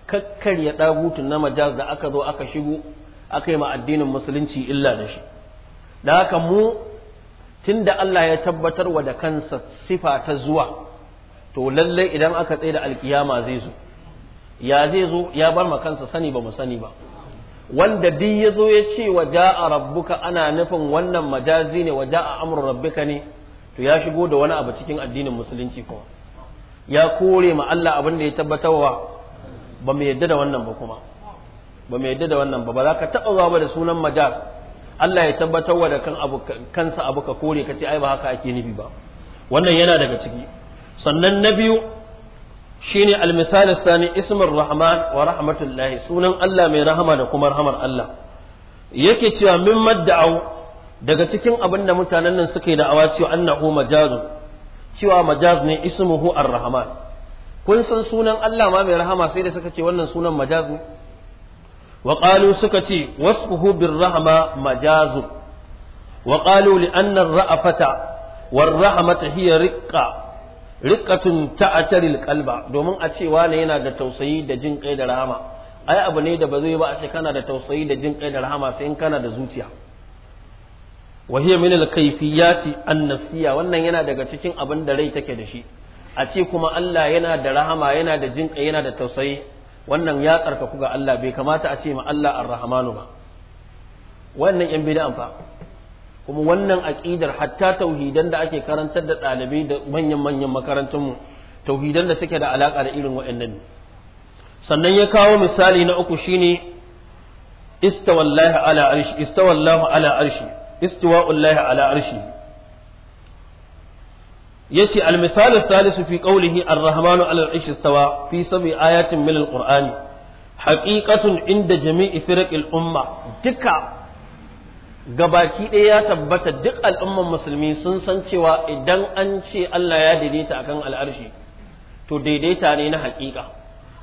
kakkarya dagutun na majaz da aka zo aka shigo aka yi ma addinin musulunci illa da shi da haka mu tunda Allah ya tabbatar wa da kansa sifa ta zuwa to lallai idan aka tsaye da alkiyama zai zo ya zai zo ya bar ma kansa sani ba mu sani ba wanda duk ya zo ya ce wa ja'a rabbuka ana nufin wannan majazi ne wa ja'a amru rabbika ne to ya shigo da wani abu cikin addinin musulunci kuma ya kore ma Allah abin da ya tabbatarwa ba mu yadda da wannan ba kuma ba mu yadda da wannan ba ba za ka taɓa zuwa ba da sunan majaz Allah ya tabbatarwa da kan abu kansa abu ka kore ka ce ai ba haka ake nufi ba wannan yana daga ciki sannan na biyu shine al-misal sani ismin rahman wa rahmatullahi sunan Allah mai rahama da kuma rahamar Allah yake cewa min madda'u daga cikin abin da mutanen nan suka yi da'awa cewa annahu majazu cewa majaz ne ismuhu ar-rahman kun san sunan Allah ma mai rahama sai da suka ce wannan sunan majazu wa qalu suka ce wasfuhu birrahma majazu wa qalu li anna ar-ra'afata war-rahmata hiya riqqa riqatun ta'taril kalba domin a cewa ne yana da tausayi da jin kai da rahama ai abu ne da ba zai ba a ce kana da tausayi da jin kai da rahama sai in kana da zuciya wa hiya min al-kayfiyati wannan yana daga cikin abin da rai take da shi a ce kuma Allah yana da rahama yana da jin kai yana da tausayi wannan ya tsarkaku ga Allah bai kamata a ce ma Allah ar-rahmanu ba wannan yan bid'an fa kuma wannan aƙidar hatta tauhidan da ake karantar da ɗalibai da manyan manyan makarantunmu tauhidan da suke da alaƙa da irin waɗannan ne sannan ya kawo misali na uku shine istawallahi ala arshi istawallahu ala arshi istiwa'ullahi ala arshi yace al-misal salisu fi qawlihi ar-rahmanu ala arshi istawa fi sab'i ayatin min al-qur'ani haqiqatun inda jami'i firqil umma duka gabaki ɗaya ya tabbata duk al'umman musulmi sun san cewa idan an ce Allah ya daidaita akan al'arshi to daidaita ne na haƙiƙa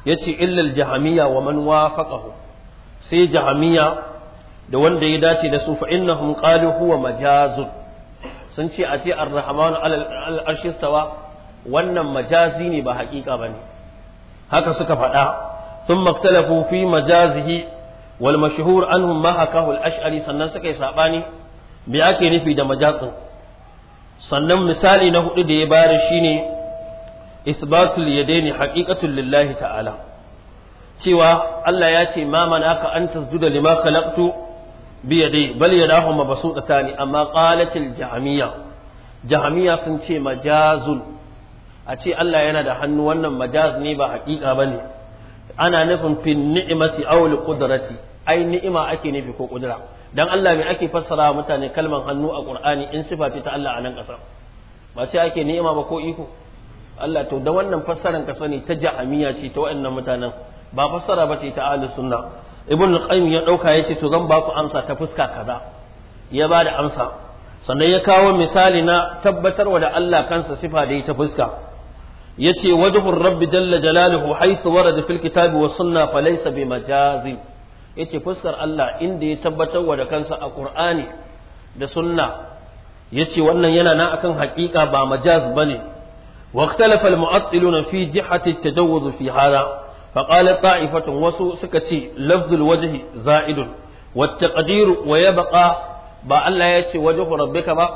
yace illal jahamiya wa man wafaqahu sai jahamiya da wanda ya dace da su fa innahum qalu huwa majazun sun ce a ce ar-rahmanu al'arshi stawa wannan majazi ne ba haƙiƙa bane haka suka faɗa sun maktalafu fi majazihi wal mashhur anhum ma hakahu al ash'ari sannan suka yi sabani me ake nufi da majazin sannan misali na huɗu da ya bara shine isbatul yadaini haqiqatul lillahi ta'ala cewa Allah ya ce ma manaka an tasjuda lima khalaqtu bi yadai bal yadahu mabsutatani amma qalatil jahmiya jahmiya sun ce majazul a ce Allah yana da hannu wannan majaz ne ba haƙiƙa bane ana nufin fi ni'imati aw li qudrati ai ni'ima ake nufi ko kudura dan Allah me ake fassara mutane kalman hannu a Qur'ani in sifati ta Allah a nan kasa ba sai ake ni'ima ba ko iko Allah to da wannan fassaran ka sani ta jahamiya ce ta waɗannan mutanen ba fassara ba ce ta ahlus sunna ibn al-qayyim ya dauka yace to zan ba ku amsa ta fuska kaza ya ba da amsa sannan ya kawo misali na tabbatarwa da Allah kansa sifa da ta fuska yace wajhur rabbi jalla jalaluhu haythu warada fil kitabi wa sunna falaysa bimajazin yace fuskar Allah inda ya tabbatar wa da kansa a Qur'ani da sunna yace wannan yana nan akan haƙiƙa ba majaz bane واختلف المعطلون في جهة التجوز في هذا فقال طائفة وسو سكتي لفظ الوجه زائد والتقدير ويبقى با الله يتي وجه ربك با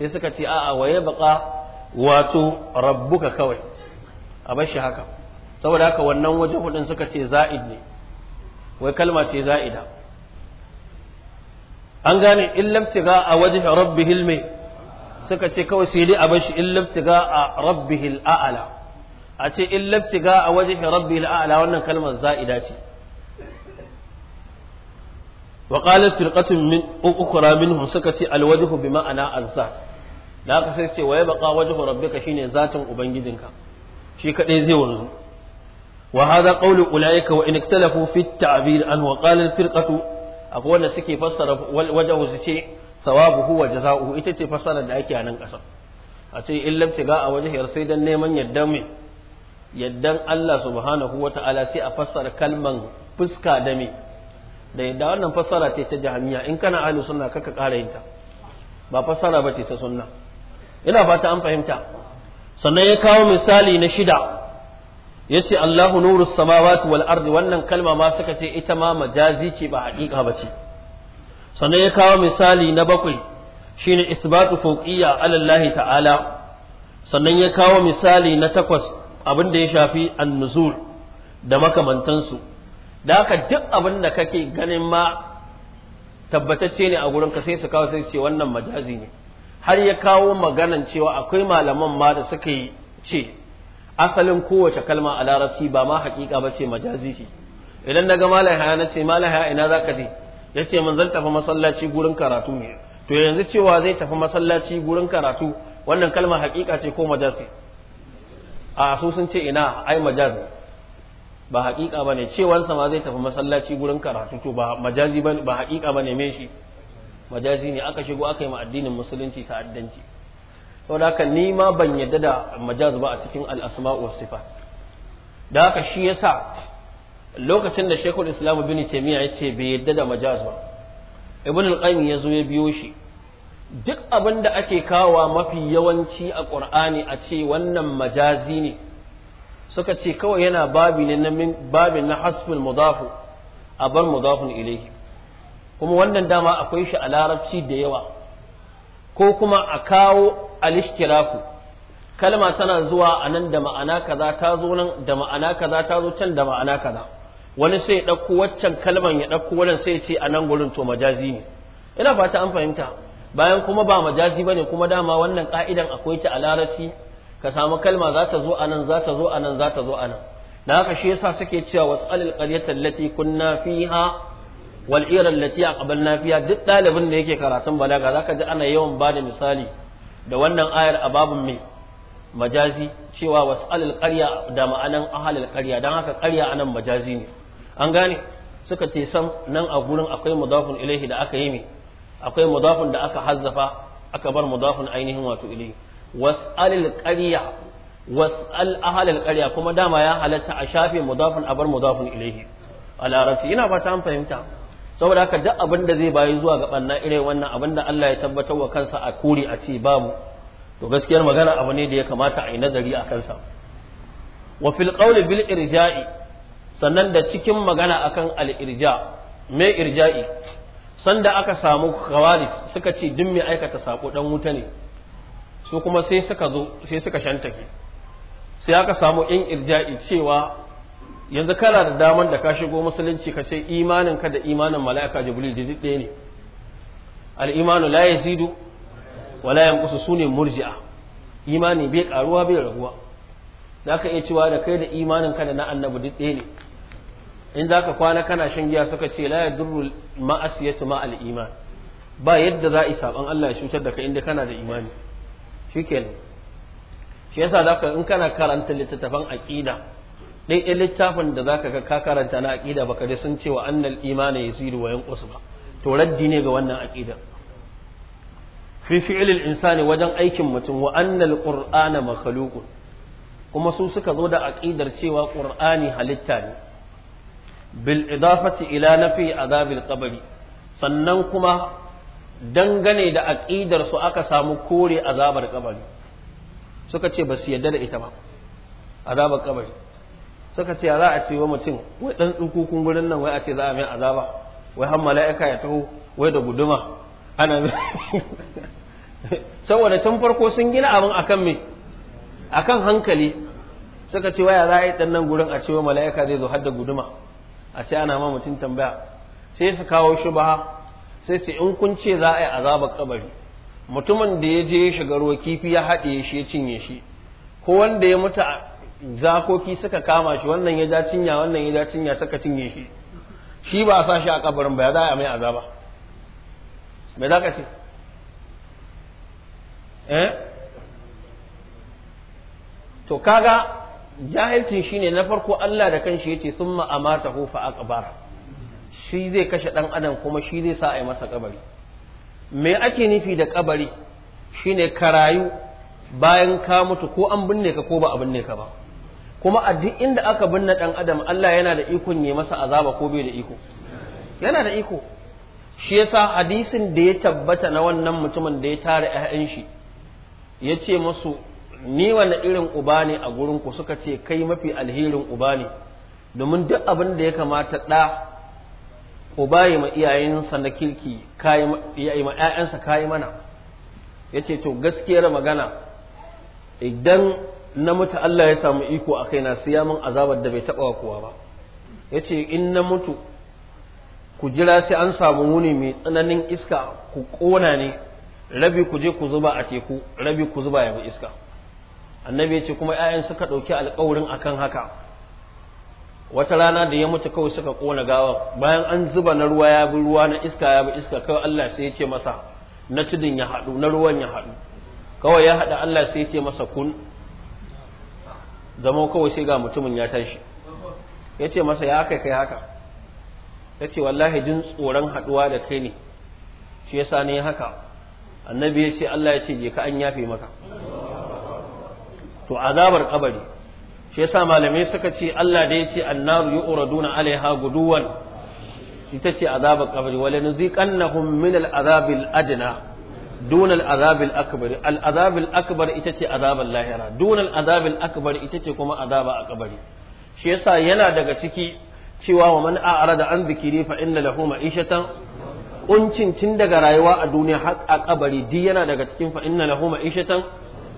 sai suka ce a'a waya ya baka wato rabbuka kawai a bar shi haka saboda haka wannan waje hudun suka ce za'id ne wai kalma ce za'ida an gane illam tiga a waje rabbi hilme suka ce kawai sai dai a bar shi illam tiga a rabbihil a'ala a ce illam tiga a waje rabbihil a'ala wannan kalmar za'ida ce min وقالت فرقة من أخرى منهم سكتي الوجه بمعنى الذات لا كسيتي ويبقى وجه ربك shine ذات أبنجدنك shi kaɗai zai wanzu wa hadha qawlu ulaika wa in iktalafu fi at-ta'bir an wa qala al-firqatu akwai wanda suke fassara wajahu su ce sawabuhu wa jazaohu ita ce fassara da ake a nan kasar a ce in lam tiga a wajhiyar sai dan neman yadda mai Yadda Allah subhanahu wa ta'ala sai a fassara kalman fuska da mai da yadda wannan fassara ce ta jahamiya in kana ahlu sunna kaka ƙara yinta ba fassara ba ce ta sunna ina fata an fahimta sannan ya kawo misali na shida ya ce Allahu nuru samawati wal ardi wannan kalma ma suka ce ita ma majazi ce ba haƙiƙa ba ce sannan ya kawo misali na bakwai shine isbatu fawqiyya alallahi ta'ala sannan ya kawo misali na takwas abin da ya shafi annuzul da makamantansu da haka duk abin da kake ganin ma tabbatacce ne a gurin sai su kawo sai ce wannan majazi ne har ya kawo maganan cewa akwai malaman ma da suka yi ce asalin kowace kalma a larabci ba ma hakika ba ce majazi ce idan na ga haya na ce haya ina za ka je ya ce man zan tafi masallaci gurin karatu ne to yanzu cewa zai tafi masallaci gurin karatu wannan kalma hakika ce ko majazi a su sun ce ina ai majazi ba hakika ba ne cewansa ma zai tafi masallaci gurin karatu to ba majazi ba ba haƙiƙa ba ne me shi majazi ne aka shigo aka yi ma addinin musulunci ta'addanci saboda haka ni ma ban yadda da majaz ba a cikin al asma'u was da haka shi yasa lokacin da Sheikhul Islam Ibn Taymiyyah ya ce bai yadda da majaz ba Ibn al-Qayyim ya zo ya biyo shi duk abin da ake kawa mafi yawanci a Qur'ani a ce wannan majazi ne suka ce kawai yana babi ne na babin na hasbul mudafu a bar mudafun ilayhi kuma wannan dama akwai shi a larabci da yawa ko kuma a kawo alishkiraku kalma tana zuwa a nan da ma'ana kaza ta zo nan da ma'ana kaza ta zo can da ma'ana kaza wani sai ya ɗauko waccan kalman ya ɗauko wannan sai ya ce a nan gurin to majazi ne ina fata an fahimta bayan kuma ba majazi bane kuma dama wannan ka'idan akwai ta a larabci ka samu kalma za ta zo a nan za ta zo a nan za ta zo a nan Na haka shi yasa suke cewa wasalil karya allati kunna fiha wal ira a aqbalna nafiya duk ɗalibin da yake karatun balaga zaka ji ana yawan ba da misali da wannan ayar a babun mai majazi cewa was'alul qarya da ma'anan ahalul qarya don haka qarya anan majazi ne an gane suka ce san nan a gurin akwai mudafun ilaihi da aka yi mai akwai mudafun da aka hazzafa aka bar mudafun ainihin wato ilaihi was'alul qarya was'al ahalul qarya kuma dama ya halatta a shafe mudafun a bar mudafun ilaihi a larabci ina fata an fahimta saboda haka duk abin da zai bayi zuwa ga banna irin wannan abin da Allah ya tabbatar wa kansa a kuri a ce babu to gaskiyar magana abu ne da ya kamata a yi nazari a kansa wa fil qawli bil irja'i sannan da cikin magana akan al irja mai irja'i sanda aka samu khawaris suka ce duk mai aikata sako dan wuta ne su kuma sai suka zo sai suka shantake sai aka samu in irja'i cewa yanzu kana da daman da ka shigo musulunci ka ce imanin ka da imanin mala'ika jibril duk ɗaya ne al-imanu la yazidu wa la yanqusu sunan murji'a imani bai karuwa bai raguwa ka iya cewa da kai da imanin ka da na annabi duk ɗaya ne in zaka kwana kana shan giya suka ce la yadurru ma'asiyatu ma al'iman. iman ba yadda za a yi saban Allah ya cutar da kai inda kana da imani shikenan shi yasa zaka in kana karanta littattafan aqida dai littafin da zaka ga ka karanta na aƙida ba ka sun cewa annal ya yazidu wa yanqus ba to raddi ne ga wannan aƙidar fi fi'lil insani wajen aikin mutum wa annal qur'ana makhluqun kuma su suka zo da aƙidar cewa ƙur'ani halitta ne bil idafati ila nafi azabil qabri sannan kuma dangane da aƙidar su aka samu kore azabar kabari suka ce ba su yarda da ita ba azabar kabari suka ce za a ce wa mutum wai dan tsukukun gurin nan wai a ce za a mai azaba wai har mala'ika ya taho wai da guduma ana (laughs) saboda tun farko sun gina abin akan me akan hankali suka ce waya za a yi dan nan gurin a ce wa mala'ika zai zo har da guduma a ce ana ma mutum tambaya sai su kawo shi ba sai su in kun ce za a yi azabar kabari mutumin da ya je ya shiga ruwa kifi ya haɗe shi ya cinye shi ko wanda ya mutu zakoki suka kama shi wannan ya ja cinya wannan ya ja cinya suka cinye shi shi ba a sa shi a kabarin ba ya za a mai azaba me za ka ce eh to kaga jahilcin shine na farko Allah da kanshi yace summa amatahu fa aqbar shi zai kashe dan adam kuma shi zai sa a yi masa kabari me ake nufi da kabari shine karayu bayan ka mutu ko an binne ka ko ba a binne ka ba kuma a duk inda aka binne ɗan adam Allah yana da ikon ya masa azaba ko bai da iko yana da iko shi yasa hadisin da ya tabbata na wannan mutumin da ya tare ƴaƴan shi yace masu, musu ni wani irin uba ne a gurin ku suka ce kai mafi alherin uba ne domin duk abin da ya kamata ɗa uba ya ma iyayensa na kirki ya yi ma ƴaƴansa kayi mana Yace to gaskiyar magana idan na mutu Allah ya samu iko a kaina sai ya min azabar da bai taɓa kuwa ba Ya ce in na mutu ku jira sai an samu wuni mai tsananin iska ku ƙona ne rabi ku je ku zuba a teku rabi ku zuba ya bi iska annabi ya ce kuma 'ya'yan suka ɗauki alƙawarin akan haka wata rana da ya mutu kawai suka ƙona gawa bayan an zuba na ruwa ya bi ruwa na iska ya bi iska kawai Allah sai ya ce masa na tudun ya haɗu na ruwan ya haɗu kawai ya haɗa Allah sai ya ce masa kun zama kawai sai ga mutumin ya tashi ya ce masa ya kai kai haka ya ce wallahi jin tsoron haɗuwa da kai ne shi yasa ne haka annabi ya ce Allah ya ce je ka an yafe maka to azabar kabari shi yasa malamai suka ce Allah da ya ce annaru uraduna alaiha guduwan ita ce azabar kabari wala nuziqannahum min al-azabil adna dunal azabil akbar al azabil akbar ita ce azabal lahira dunal azabil akbar ita ce kuma azaba a kabari shi yasa yana daga ciki cewa wa man a'rada an zikiri fa inna lahu ma'ishatan kuncin tun daga rayuwa a duniya har a kabari di yana daga cikin fa inna lahu ma'ishatan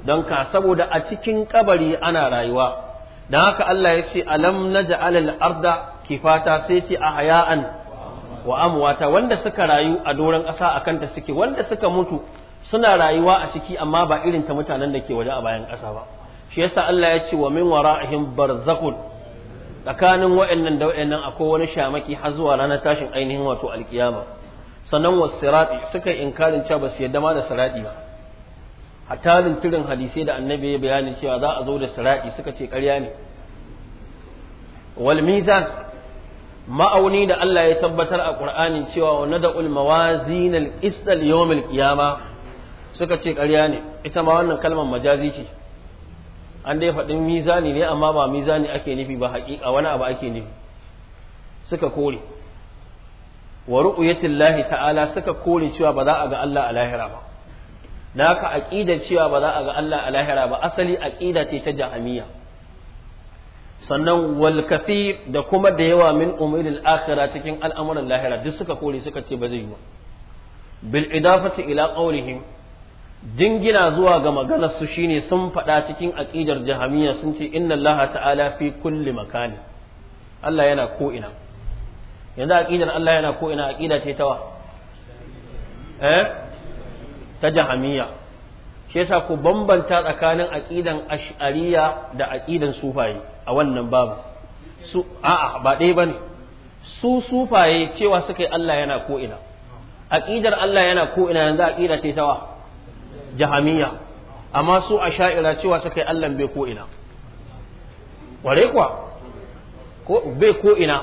don ka saboda a cikin kabari ana rayuwa don haka Allah ya ce alam naj'al al arda kifata sai ce a haya'an wa amwata wanda suka rayu a doron ƙasa a kanta suke wanda suka mutu suna rayuwa a ciki amma ba irin ta mutanen da ke waje a bayan ƙasa ba shi yasa Allah ya ce wa min wara'ihim barzakhun tsakanin wa'annan da wa'annan akwai wani shamaki har zuwa ranar tashin ainihin wato alkiyama sannan wasirati suka inkarin cewa ba su yadda ma da sirati ba hatalin tirin hadisai da annabi ya bayani cewa za a zo da sirati suka ce ƙarya ne wal mizan ma'auni da Allah ya tabbatar a Qur'ani cewa wa da mawazin al-qist al qiyamah suka ce ƙarya ne ita ma wannan kalmar majazi ce an dai faɗin mizani ne amma ba mizani ake nufi ba haƙiƙa wani abu ake nufi suka kore wa ru'yatil lahi ta'ala suka kore cewa ba za a ga Allah a lahira ba da haka aqida cewa ba za a ga Allah a lahira ba asali aƙida ce ta jahamiyya sannan wal da kuma da yawa min umuril akhira cikin al'amuran lahira duk suka kore suka ce ba zai yi ba bil idafati ila qawlihim dingina zuwa ga maganar su shine sun faɗa cikin aqidar jahamiyya sun ce inna allaha ta'ala fi kulli makani Allah yana ko ina yanzu aqidar Allah yana ko ina aqida ce tawa eh ta jahamiyya shi yasa ku bambanta tsakanin aqidan ash'ariyya da aqidan sufaye a wannan babu su a'a ba ɗaya bane su sufaye cewa suka yi Allah yana ko ina aqidar Allah yana ko ina yanzu aqida ce tawa jahamiya amma su a sha'ira cewa suka yi allan bai ko ina ware kuwa bai ko ina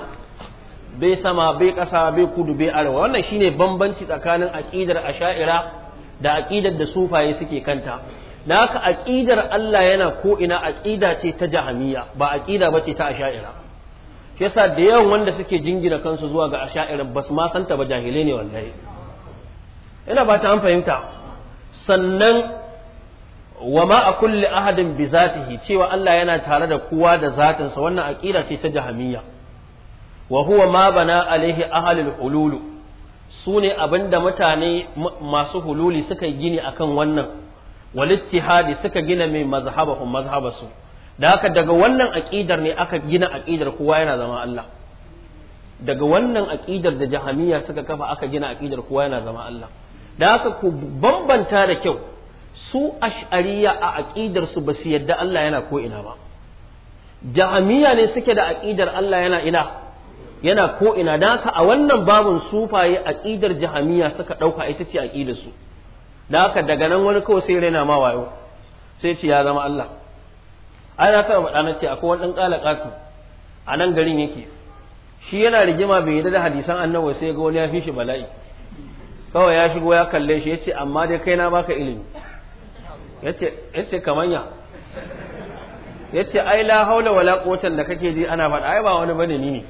bai sama bai ƙasa bai kudu bai arewa wannan shine bambanci tsakanin aƙidar a sha'ira da aƙidar da sufaye suke kanta da haka aƙidar Allah yana ko'ina aƙida ce ta jahamiya ba aƙida ba ce ta asha'ira shi yasa da yawan wanda suke jingina kansu zuwa ga asha'irin ba su ma santa ba jahilai ne wallahi ina ba ta an fahimta sannan wa ma a kulli ahadin bi zatihi cewa Allah yana tare da kowa da zatinsa wannan aqida ce ta jahamiyya wa huwa ma bana alaihi ahlul hululu sune abinda mutane masu hululi suka gini akan wannan walittihadi suka gina mai mazhabahum mazhabasu da haka daga wannan aqidar ne aka gina aqidar kowa yana zama Allah daga wannan aƙidar da jahamiyya suka kafa aka gina aqidar kowa yana zama Allah da haka ku bambanta da kyau su ash'ariya a aqidar su basu yadda Allah yana ko ina ba jahamiya ne suke da aƙidar Allah yana ina yana ko ina da haka a wannan babun sufaye aƙidar jahamiya suka ɗauka, ita ce aqidar su da haka daga nan wani kawai sai raina ma wayo sai ce ya zama Allah ai na taɓa faɗa na ce akwai wani ɗan ƙalaƙatu a nan garin yake shi yana rigima bai yarda da hadisan annabi sai ga wani ya fi shi bala'i kawai ya shigo ya kalle shi ya ce amma dai kai na baka ilimi ya ce kamanya ya ce ai la haula wala quwwatan da kake ji ana faɗa ai ba wani bane ni ne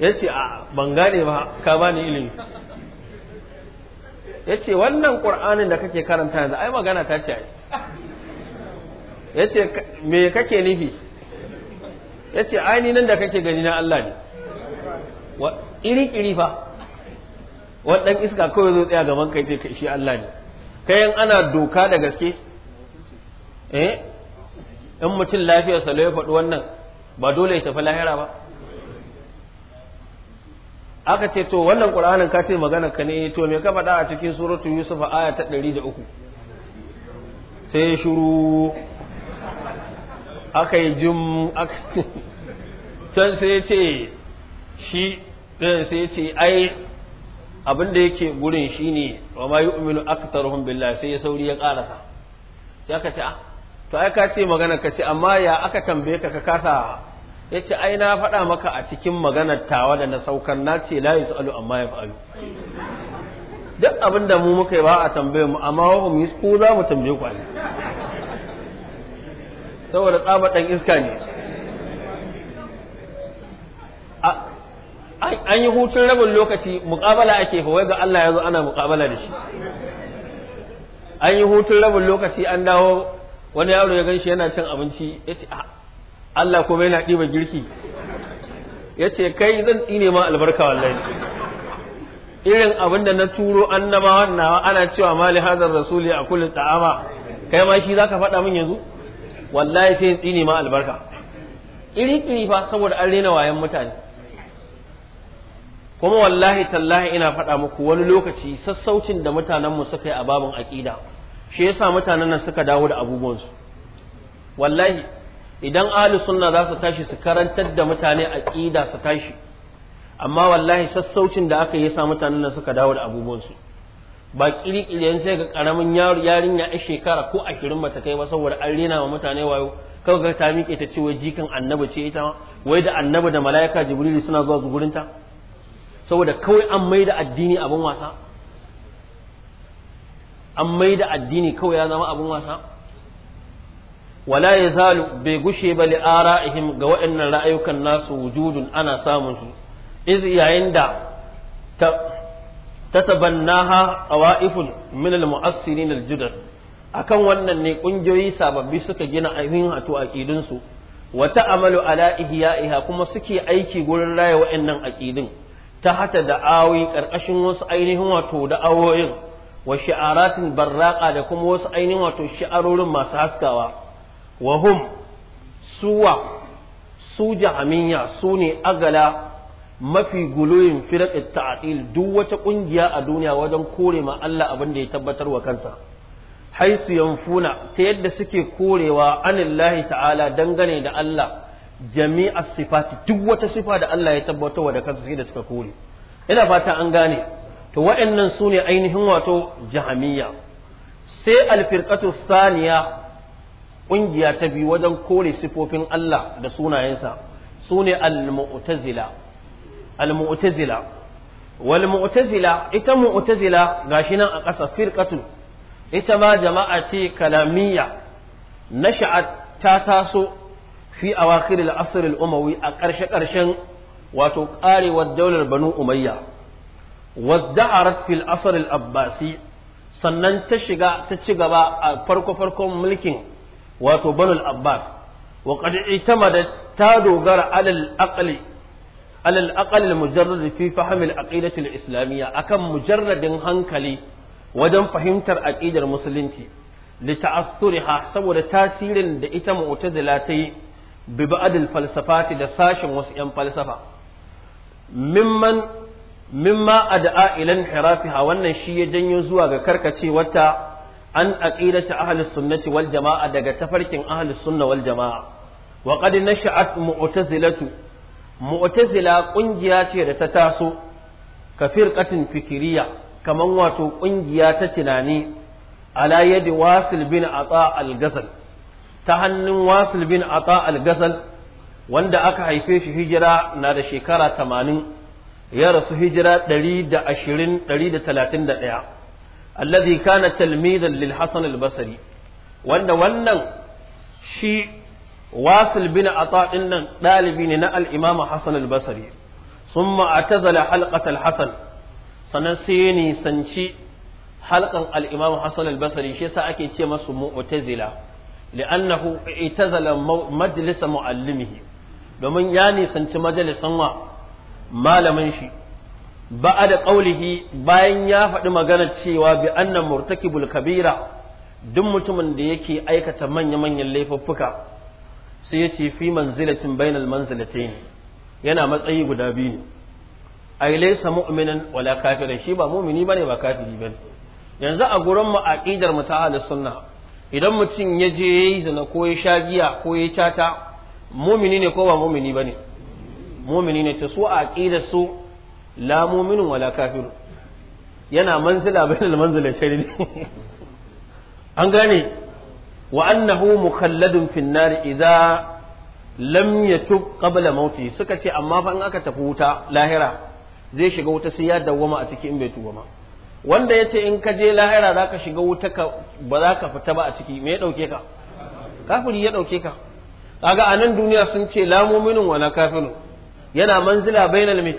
ya ce a ban gane ba ka bani ilimi ya ce wannan ƙur'anin da kake karanta yanzu ai magana ta ce ya ce me kake nufi ya ce ainihin da kake gani na Allah ne irin iri fa wadan iska kawai zo tsaya gaban kai ce kai shi Allah ne kai ana doka da gaske eh in mutum lafiyar salo ya faɗi wannan ba dole ya tafi lahira ba aka ce to wannan qur'anin ka ce magana ka ne to me ka faɗa a cikin suratu yusuf aya ta uku sai shuru aka yi jim aka (laughs) can sai ce shi sai ya ce ai abin da yake gurin shi ne wa ma yu'minu aktaruhum billahi sai ya sauri ya karasa sai aka ce ah, to ai ka ce magana ka ce amma ya aka tambaye ka ka kasa ya ce ai na faɗa maka a cikin magana tawa da na saukar na ce la yusalu amma ya alu. duk abin da mu muka yi ba a tambaye mu amma wa mu ko za mu tambaye ku ne saboda tsaba ɗan iska ne an yi hutun rabin lokaci muƙabala ake wai ga Allah ya zo ana muƙabala da shi an yi hutun rabin lokaci an dawo wani yaro ya ganshi yana cin abinci ya ce ah, Allah kuma yana ɗiba girki ya ce kai zan tsine ma albarka wallahi irin abin da na turo annabawan nawa ana cewa mali hadar rasuli a kullum ta'ama kai ma shi zaka faɗa min yanzu wallahi sai tsine ma albarka iri iri fa saboda an rena wayan mutane kuma wallahi tallahi ina faɗa muku wani lokaci sassaucin da mutanenmu suka yi a babin aƙida shi yasa mutanen nan suka dawo da abubuwansu wallahi idan ahli sunna za su tashi su karantar da mutane aƙida su tashi amma wallahi sassaucin da aka yi yasa mutanen nan suka dawo da abubuwansu ba yan sai ga karamin yarinya a shekara ko ashirin bata kai ba saboda an rina wa mutane wayo kawai ga ta miƙe ta ce wai jikan annabi ce ita wai da annabi da mala'ika jibril suna zuwa ta. saboda kawai an mai da addini abin wasa an mai da addini kawai ya zama abin wasa wala ya zalu bai gushe ba ara'ihim ga waɗannan ra'ayukan nasu wujudun ana samun su iz yayin da ta tabannaha qawa'ifun min al-mu'assirin al-judad akan wannan ne kungiyoyi sababbi suka gina ainihin hato aqidun su wa ta'amalu ala ihya'iha kuma suke aiki gurin raya waɗannan aqidun ta hata da awi ƙarƙashin wasu ainihin wato da'awoyin wa shi'aratin barraƙa da kuma wasu ainihin wato shi'arorin masu haskawa wa hum suwa su jahamiya su ne agala mafi guluyin firaq ta'til duk wata ƙungiya a duniya wajen kore ma Allah abin da ya tabbatar wa kansa haisu yanfuna ta yadda suke korewa anillahi ta'ala dangane da Allah jami'a sifati duk wata sifa da Allah ya wa da kansa sai da suka kore ina fata an gane to waɗannan su ne ainihin wato jahamiyya sai alfirqatu saniya ƙungiya ta biyu wajen kore sifofin Allah da sunayensa su ne al-mu'tazila al-mu'tazila wal mu'tazila ita mu'tazila gashi nan a ƙasa firqatu ita ma jama'a ce kalamiyya nasha'at ta taso fi awakhir al-asr umawi a ƙarshe ƙarshen wato ƙarewar daular banu umayya wadda'arat fil asr asirin abbasi sannan ta shiga ta ci gaba a farko farkon mulkin wato banu abbas wa ma da ta dogara alal aƙali alal mujarrad fi fahm al islamiyya akan mujarradin hankali wajen fahimtar aƙidar musulunci li ta'assuriha saboda tasirin da ita mu'tazila ta yi bi ba'dil falsafati da sashin wasu yan falsafa mimman mimma ad'a ila inhirafiha wannan shi ya janyo zuwa ga karkacewarta an aqidata ahli sunnati wal daga tafarkin ahli sunna wal jama'a wa qad nasha'at mu'tazilatu mu'tazila ce da ta taso ka firqatin fikiriya kamar wato ƙungiya ta tunani ala yadi wasil bin ata al-ghazal ta hannun wasil bin ata al-gasal wanda aka haife shi hijira na da shekara tamanin ya rasu hijira ɗari da ashirin ɗari da talatin da ɗaya allazi kana talmidan lil hasan al-basri wanda wannan shi wasil bin ata ɗin nan ɗalibi ne na al-imam hasan al-basri summa atazala halqat al-hasan sannan sai ya nisanci halkan al-imam hasan al-basri shi yasa ake ce masu mu'tazila li'annahu itazala majlisa muallimihi domin ya nisanci majalisan wa malamin shi ba'a da ƙaulihi bayan ya faɗi magana cewa bi anna murtakibul kabira duk mutumin da yake aikata manya-manyan laifuffuka sai ya ce fi manzilatin bainal manzilatayn yana matsayi guda biyu ne yi laysa mu'minan wala kafirin shi ba mu'mini ne ba kafiri bane yanzu a gurin mu aqidar mu ta ahlus sunna idan mutum ya je ya yi zina ko ya sha giya ko ya cata mumini ne ko ba mumini ba ne mumini ne ta so a aƙida su la muminin wala kafiru yana manzila (laughs) bai da manzila shari an gane wa annahu mukalladun fin nar idza lam yatub qabla mauti suka ce amma fa in aka tafi wuta lahira zai shiga wuta sai ya dawwama a cikin in bai tuba ma wanda ya ce in ka je lahira za ka shiga wuta ba za ka fita ba a ciki me ya ɗauke ka kafiri ya ɗauke ka kaga a nan duniya sun ce la muminun wa na kafirun yana manzila bainal mit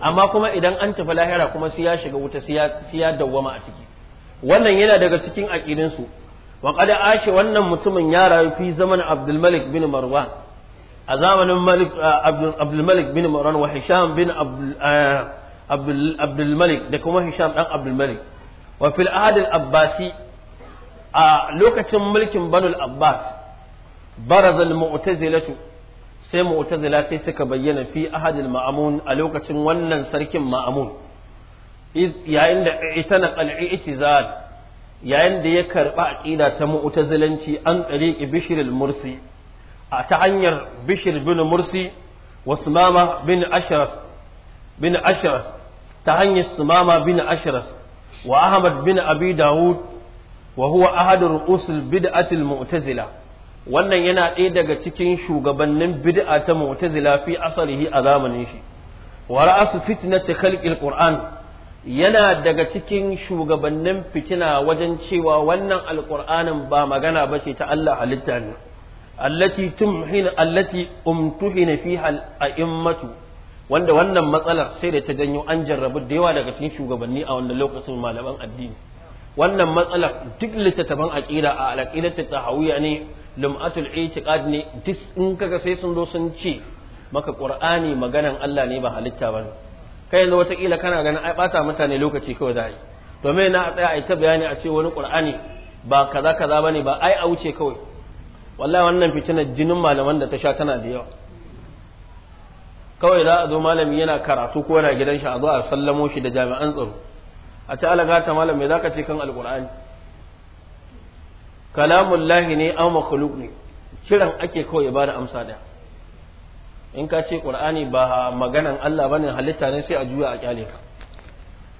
amma kuma idan an tafi lahira kuma sai ya shiga wuta sai ya dawwama a ciki wannan yana daga cikin aqidin su wa qad ashe wannan mutumin ya rayu fi zaman Abdul Malik bin Marwan a zamanin Malik Abdul Malik bin Marwan wa Hisham bin Abdul eh, abdulmalik da kuma hisham ɗan abdulmalik wa fil abbasi a lokacin mulkin banul abbas barazal mu'tazilatu sai mu'tazila sai suka bayyana fi ahadil ma'amun a lokacin wannan sarkin ma'amun yayin da ita na qal'i itizal yayin da ya karba aqida ta mu'tazilanci an tariqi bishr al-mursi a ta hanyar bishr bin mursi wasmama bin ashras bin Ashras ta hanyar Sumama bin Ashras wa Ahmad bin Abi Dawud wa huwa ahadu ru'usul bid'atil mu'tazila wannan yana ɗaya daga cikin shugabannin bid'a ta mu'tazila fi asalihi a zamanin shi wa ra'asu fitnati khalqil qur'an yana daga cikin shugabannin fitina wajen cewa wannan alƙur'anin ba magana ba ce ta Allah halitta ne allati tumhin allati umtuhina fiha al wanda wannan matsalar sai da ta janyo an jarrabu da yawa daga cikin shugabanni a wannan lokacin malaman addini wannan matsalar duk littattafan aqida a ta tahawiyya ne lum'atul i'tiqad ne duk in kaga sai sun zo sun ce maka qur'ani maganan Allah ne ba halitta ba kai yanzu wataƙila kana ganin ai bata mutane lokaci kawai za a yi domin na tsaya a ta bayani a ce wani qur'ani ba kaza kaza bane ba ai a wuce kawai wallahi wannan fitinar jinin malaman da ta sha tana da yawa kawai za a zo malami yana karatu ko yana gidan shi a zo a sallamo shi da jami'an tsaro a ta alaga ta malam me zaka ce kan alqur'ani kalamun lahi ne aw makhluq ne kiran ake kawai ba da amsa da in ka ce qur'ani ba maganan Allah bane halitta ne sai a juya a kyale ka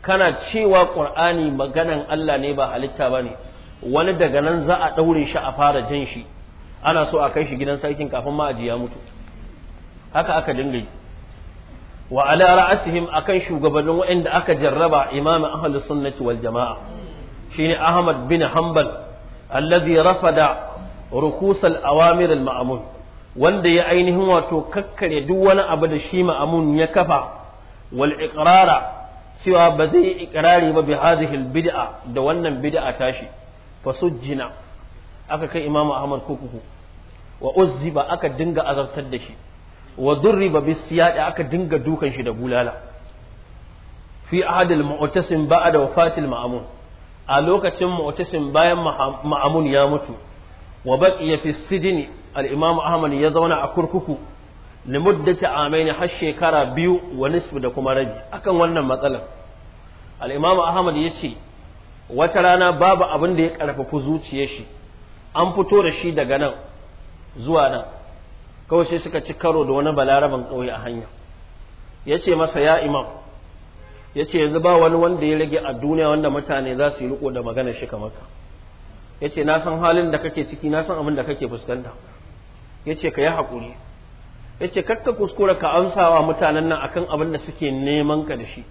kana cewa qur'ani maganan Allah ne ba halitta bane wani daga nan za a daure shi a fara jan shi ana so a kai shi gidan sarkin kafin ma ya mutu haka aka dinga yi wa ala ra'asihim akan shugabannin waɗanda aka jarraba imamu ahlus sunnati wal jama'a shine ahmad bin hanbal allazi rafada rukusal awamir al ma'mun wanda ya ainihin wato kakkare duk wani abu da shi ma'mun ya kafa wal iqrara cewa ba zai iqrari ba bi hadhihi al bid'a da wannan bid'a tashi fasujjina aka kai imamu ahmad kukuku wa uzziba aka dinga azartar da shi wa durriba bis aka dinga dukan shi da bulala fi ahadil mu'tasim da wafatil ma'mun a lokacin mu'tasim bayan ma'mun ya mutu wa baqiya fi sidin al-imam ahmad ya zauna a kurkuku limuddati amaini har shekara biyu wa nisfu da kuma rabi akan wannan matsalar al-imam ahmad ya ce wata rana babu abin da ya karfafi zuciyar shi an fito da shi daga nan zuwa nan kawai sai suka ci karo da wani balaraban ƙauye a hanya ya ce masa ya imam ya ce yanzu ba wani wanda ya rage a duniya wanda mutane za su yi riko da magana shi kamar ka ya ce na san halin da kake ciki na san abin da kake fuskanta ya ce ka yi haƙuri ya ce kakka kuskura ka amsawa mutanen nan akan abin da suke neman ka da shi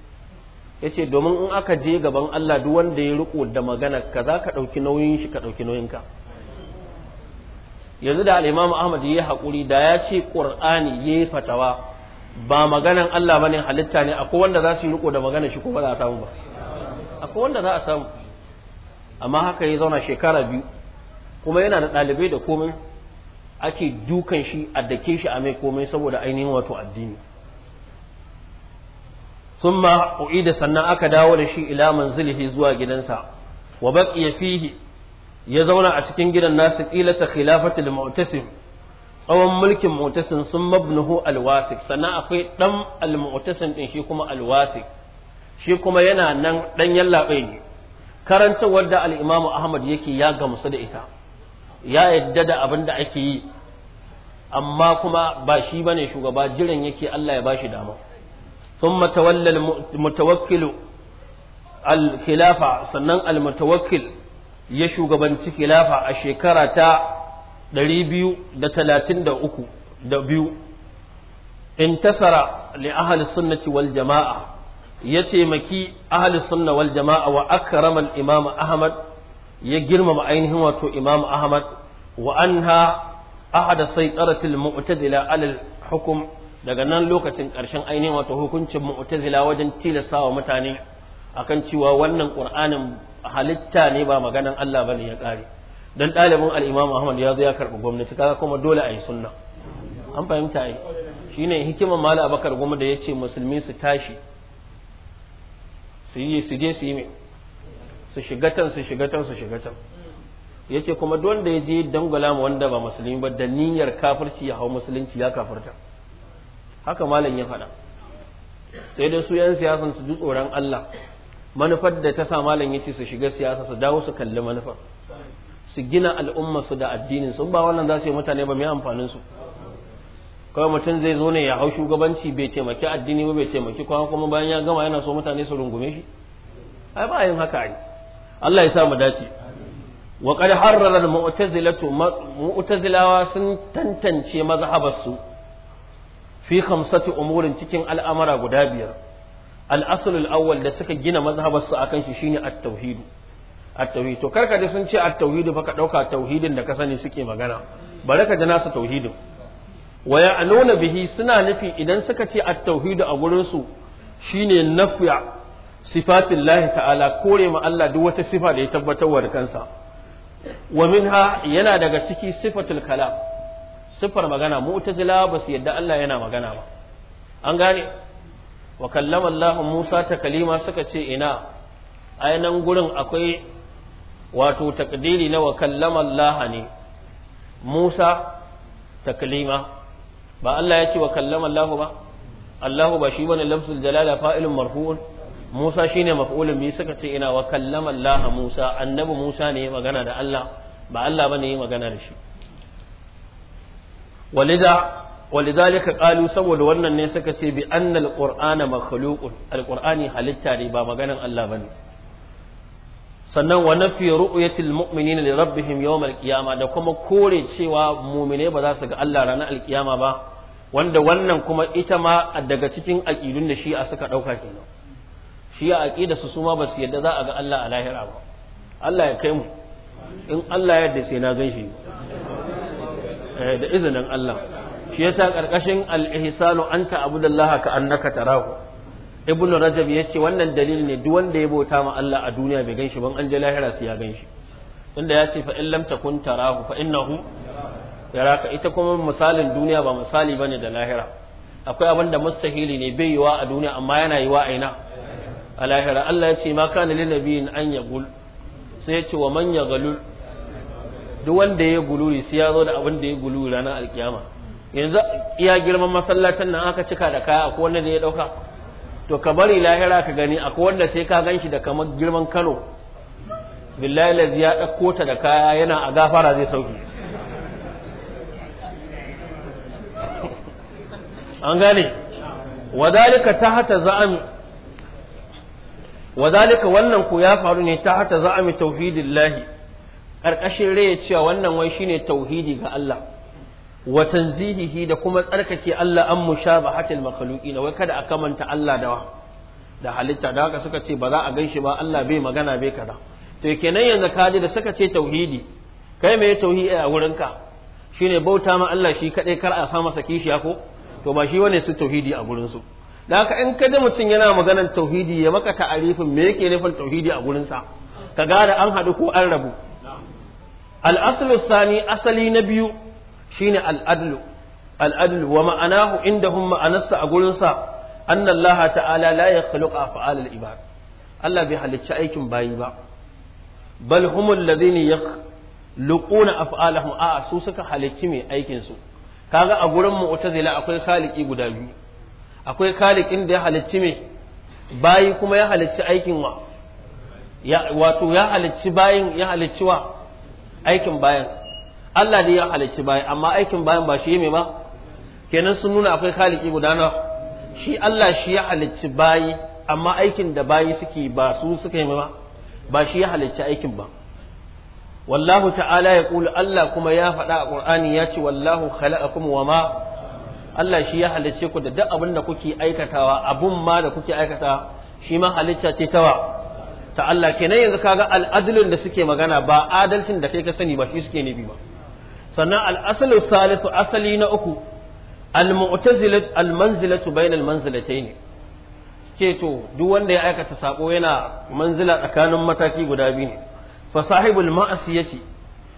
ya ce domin in aka je gaban Allah duk wanda ya riko da magana ka za ka ɗauki nauyin shi ka ɗauki nauyin ka yanzu da al'imamu ahmad ya hakuri da ya ce ƙur'ani ya yi fatawa ba maganan Allah ba ne halitta ne akwai wanda za su yi riko da maganar shi ko ba za a samu ba akwai wanda za a samu amma haka ya zauna shekara biyu kuma yana da ɗalibai da komai ake dukan shi a dake shi a mai komai saboda ainihin wato addini summa u'ida sannan aka dawo da shi ila manzilihi zuwa gidansa wa baqiya fihi ya zauna a cikin gidan nasu ta khilafatul mu'tasim tsawon mulkin mu'tasim sun mabnuhu alwasik sannan akwai dan almu'tasim din shi kuma alwasik shi kuma yana nan dan yallabe ne karantawar da al-imamu ahmad yake ya gamsu da ita ya yadda da abin da ake yi amma kuma ba shi bane shugaba jiran yake Allah ya bashi dama ثم تولى المتوكل الخلافة سنن المتوكل ya shugabanci khilafa a shekara ta biyu da biyu intasara li ahli sunnati wal jama'a ya taimaki ahli sunna wal jama'a wa akrama al imam ahmad ya girmama ainihin wato imam ahmad wa anha ahada saytaratil mu'tazila alal hukum daga nan lokacin ƙarshen ainihin wato hukuncin mu'tazila wajen tilasta wa mutane akan cewa wannan qur'anin halitta ne ba maganan Allah ne ya kare don ɗalibin al-Imam Ahmad ya zo ya karɓi gwamnati kaga kuma dole a yi sunna an fahimta ai shine hikimar Malam Abakar goma da yace musulmi su tashi su yi su je su yi su shiga tan su shiga tan su shiga tan yace kuma duk wanda ya je dangwala ma wanda ba musulmi ba da niyyar kafirci ya hau musulunci ya kafirta haka malam ya faɗa sai dai su yan siyasan su ji tsoron Allah manufar da ta sa malam yace su shiga siyasa su dawo su kalli manufar su gina al'umma su da addinin su ba wannan za su yi mutane ba mai amfanin su kawai mutum zai zo ne ya hau shugabanci bai taimaki addini ba bai taimaki kuma kuma bayan ya gama yana so mutane su rungume shi ai ba yin haka ai Allah ya sa mu dace wa qad harrara al-mu'tazilatu mu'tazilawa sun tantance mazhabarsu fi khamsati umurin cikin al'amara guda biyar al-aslul da suka gina mazhabar su akan shi shine at-tauhid at-tauhid to karka da sun ce at-tauhid fa ka dauka tauhidin da ka sani suke magana Bari ka ji nasu tauhidin wa ya'nuna bihi suna nufi idan suka ce at a gurin su shine nafya sifatillahi ta'ala kore ma Allah duk wata sifa da ya tabbatarwa da kansa wa minha yana daga ciki sifatul kalam sifar magana mu'tazila ba su yadda Allah yana magana ba an gane wa kallama Allah Musa ta kalima suka ce ina ainihin gurin akwai wato takdiri na wa kallama Allah ne Musa ta kalima ba Allah ya ce wa kallama Allah ba Allah ba shi bane lafsul jalala fa'ilun marfu'un Musa shine maf'ulun bi suka ce ina wa kallama Allah Musa annabi Musa ne magana da Allah ba Allah bane magana da shi walida Wani walidhalika qalu saboda wannan ne suka ce bi annal qur'ana makhluqun alqur'ani halitta ne ba maganan Allah bane sannan wa nafi ru'yatil mu'minin li rabbihim yawm al-qiyamah da kuma kore cewa mu'mine ba za su ga Allah ranar alkiyama ba wanda wannan kuma ita ma daga cikin aqidun da shi'a suka dauka kenan shi'a aqida su suma ba su yadda za a ga Allah a lahira ba Allah ya kai in Allah ya yarda na gan eh, da izinin Allah shi yasa karkashin al an anta abudallaha ka annaka tarahu ibnu rajab ce wannan dalil ne duk wanda ya bauta ma Allah a duniya bai ganshi ban an je lahira su ya ganshi inda yace fa in lam takun tarahu fa innahu yaraka ita kuma misalin duniya ba misali bane da lahira akwai abin da mustahili ne bai yiwa a duniya amma yana yiwa a ina a lahira Allah ya ce ma kana lil nabiyin an yagul sai ya ce wa man yagalul duk wanda ya gululi sai ya zo da abin da ya gululi ranar alkiyama yanzu iya girman masallacin nan aka cika da kaya akwai wanda da ya dauka to ka bari lahira ka gani akwai wanda sai ka ganshi da kamar girman Kano billahi lazi ya dauko ta da kaya yana a gafara zai sauki an gane wadalika hata za'ami wadalika wannan ku ya faru ne ta hata za'ami tauhidillahi ƙarƙashin rai ya cewa wannan wai shine tauhidi ga Allah wa tanzihihi da kuma tsarkake Allah an mushabahatil makhluqin wai kada a kamanta Allah da da halitta da haka suka ce ba za a ganshi ba Allah bai magana bai kada to kenan yanzu kaji da suka ce tauhidi kai me tauhidi a wurinka shine bauta ma Allah shi kadai kar a sa masa kishiya ko to ba shi wane su tauhidi a gurin su da haka in kada mutum yana maganan tauhidi ya maka ta'arifin me yake nufin tauhidi a gurin sa ka gada an haɗu ko an rabu al-aslu asali na biyu shine al'adlu al'adlu wa ma'anahu indahum ma'anarsa a gurinsa anna Allah ta'ala la yakhluqu af'al al-ibad Allah bai halicci aikin bayi ba bal humul ladhina yakhluquna af'alahum a su suka halicci mai aikinsu. su kaga a gurin mu'tazila akwai khaliqi guda biyu akwai khaliqin da ya halicci mai bayi kuma ya halicci aikin wa wato ya halicci bayin ya halicci wa aikin bayan Allah ne ya halicci bayan amma aikin bayan ba shi mai ba kenan sun nuna akwai khaliki guda na shi Allah shi ya halicci bayi amma aikin da bayi suke ba su suka yi ba ba shi ya halicci aikin ba wallahu ta'ala ya kula Allah kuma ya faɗa a ƙur'ani ya ce wallahu khalaqakum wa ma Allah shi ya halicce ku da duk abin da kuke aikatawa abun ma da kuke aikatawa, shi ma halitta ce tawa ta Allah kenan yanzu kaga al'adilin da suke magana ba adalcin da kai ka sani ba shi suke nufi ba sannan al'asalin salisu asali na uku almanzilatu mutazilat al-manzilatu bainal manzilatayn to duk wanda ya aikata sako yana manzila tsakanin mataki guda biyu ne fa sahibul ma'asiyati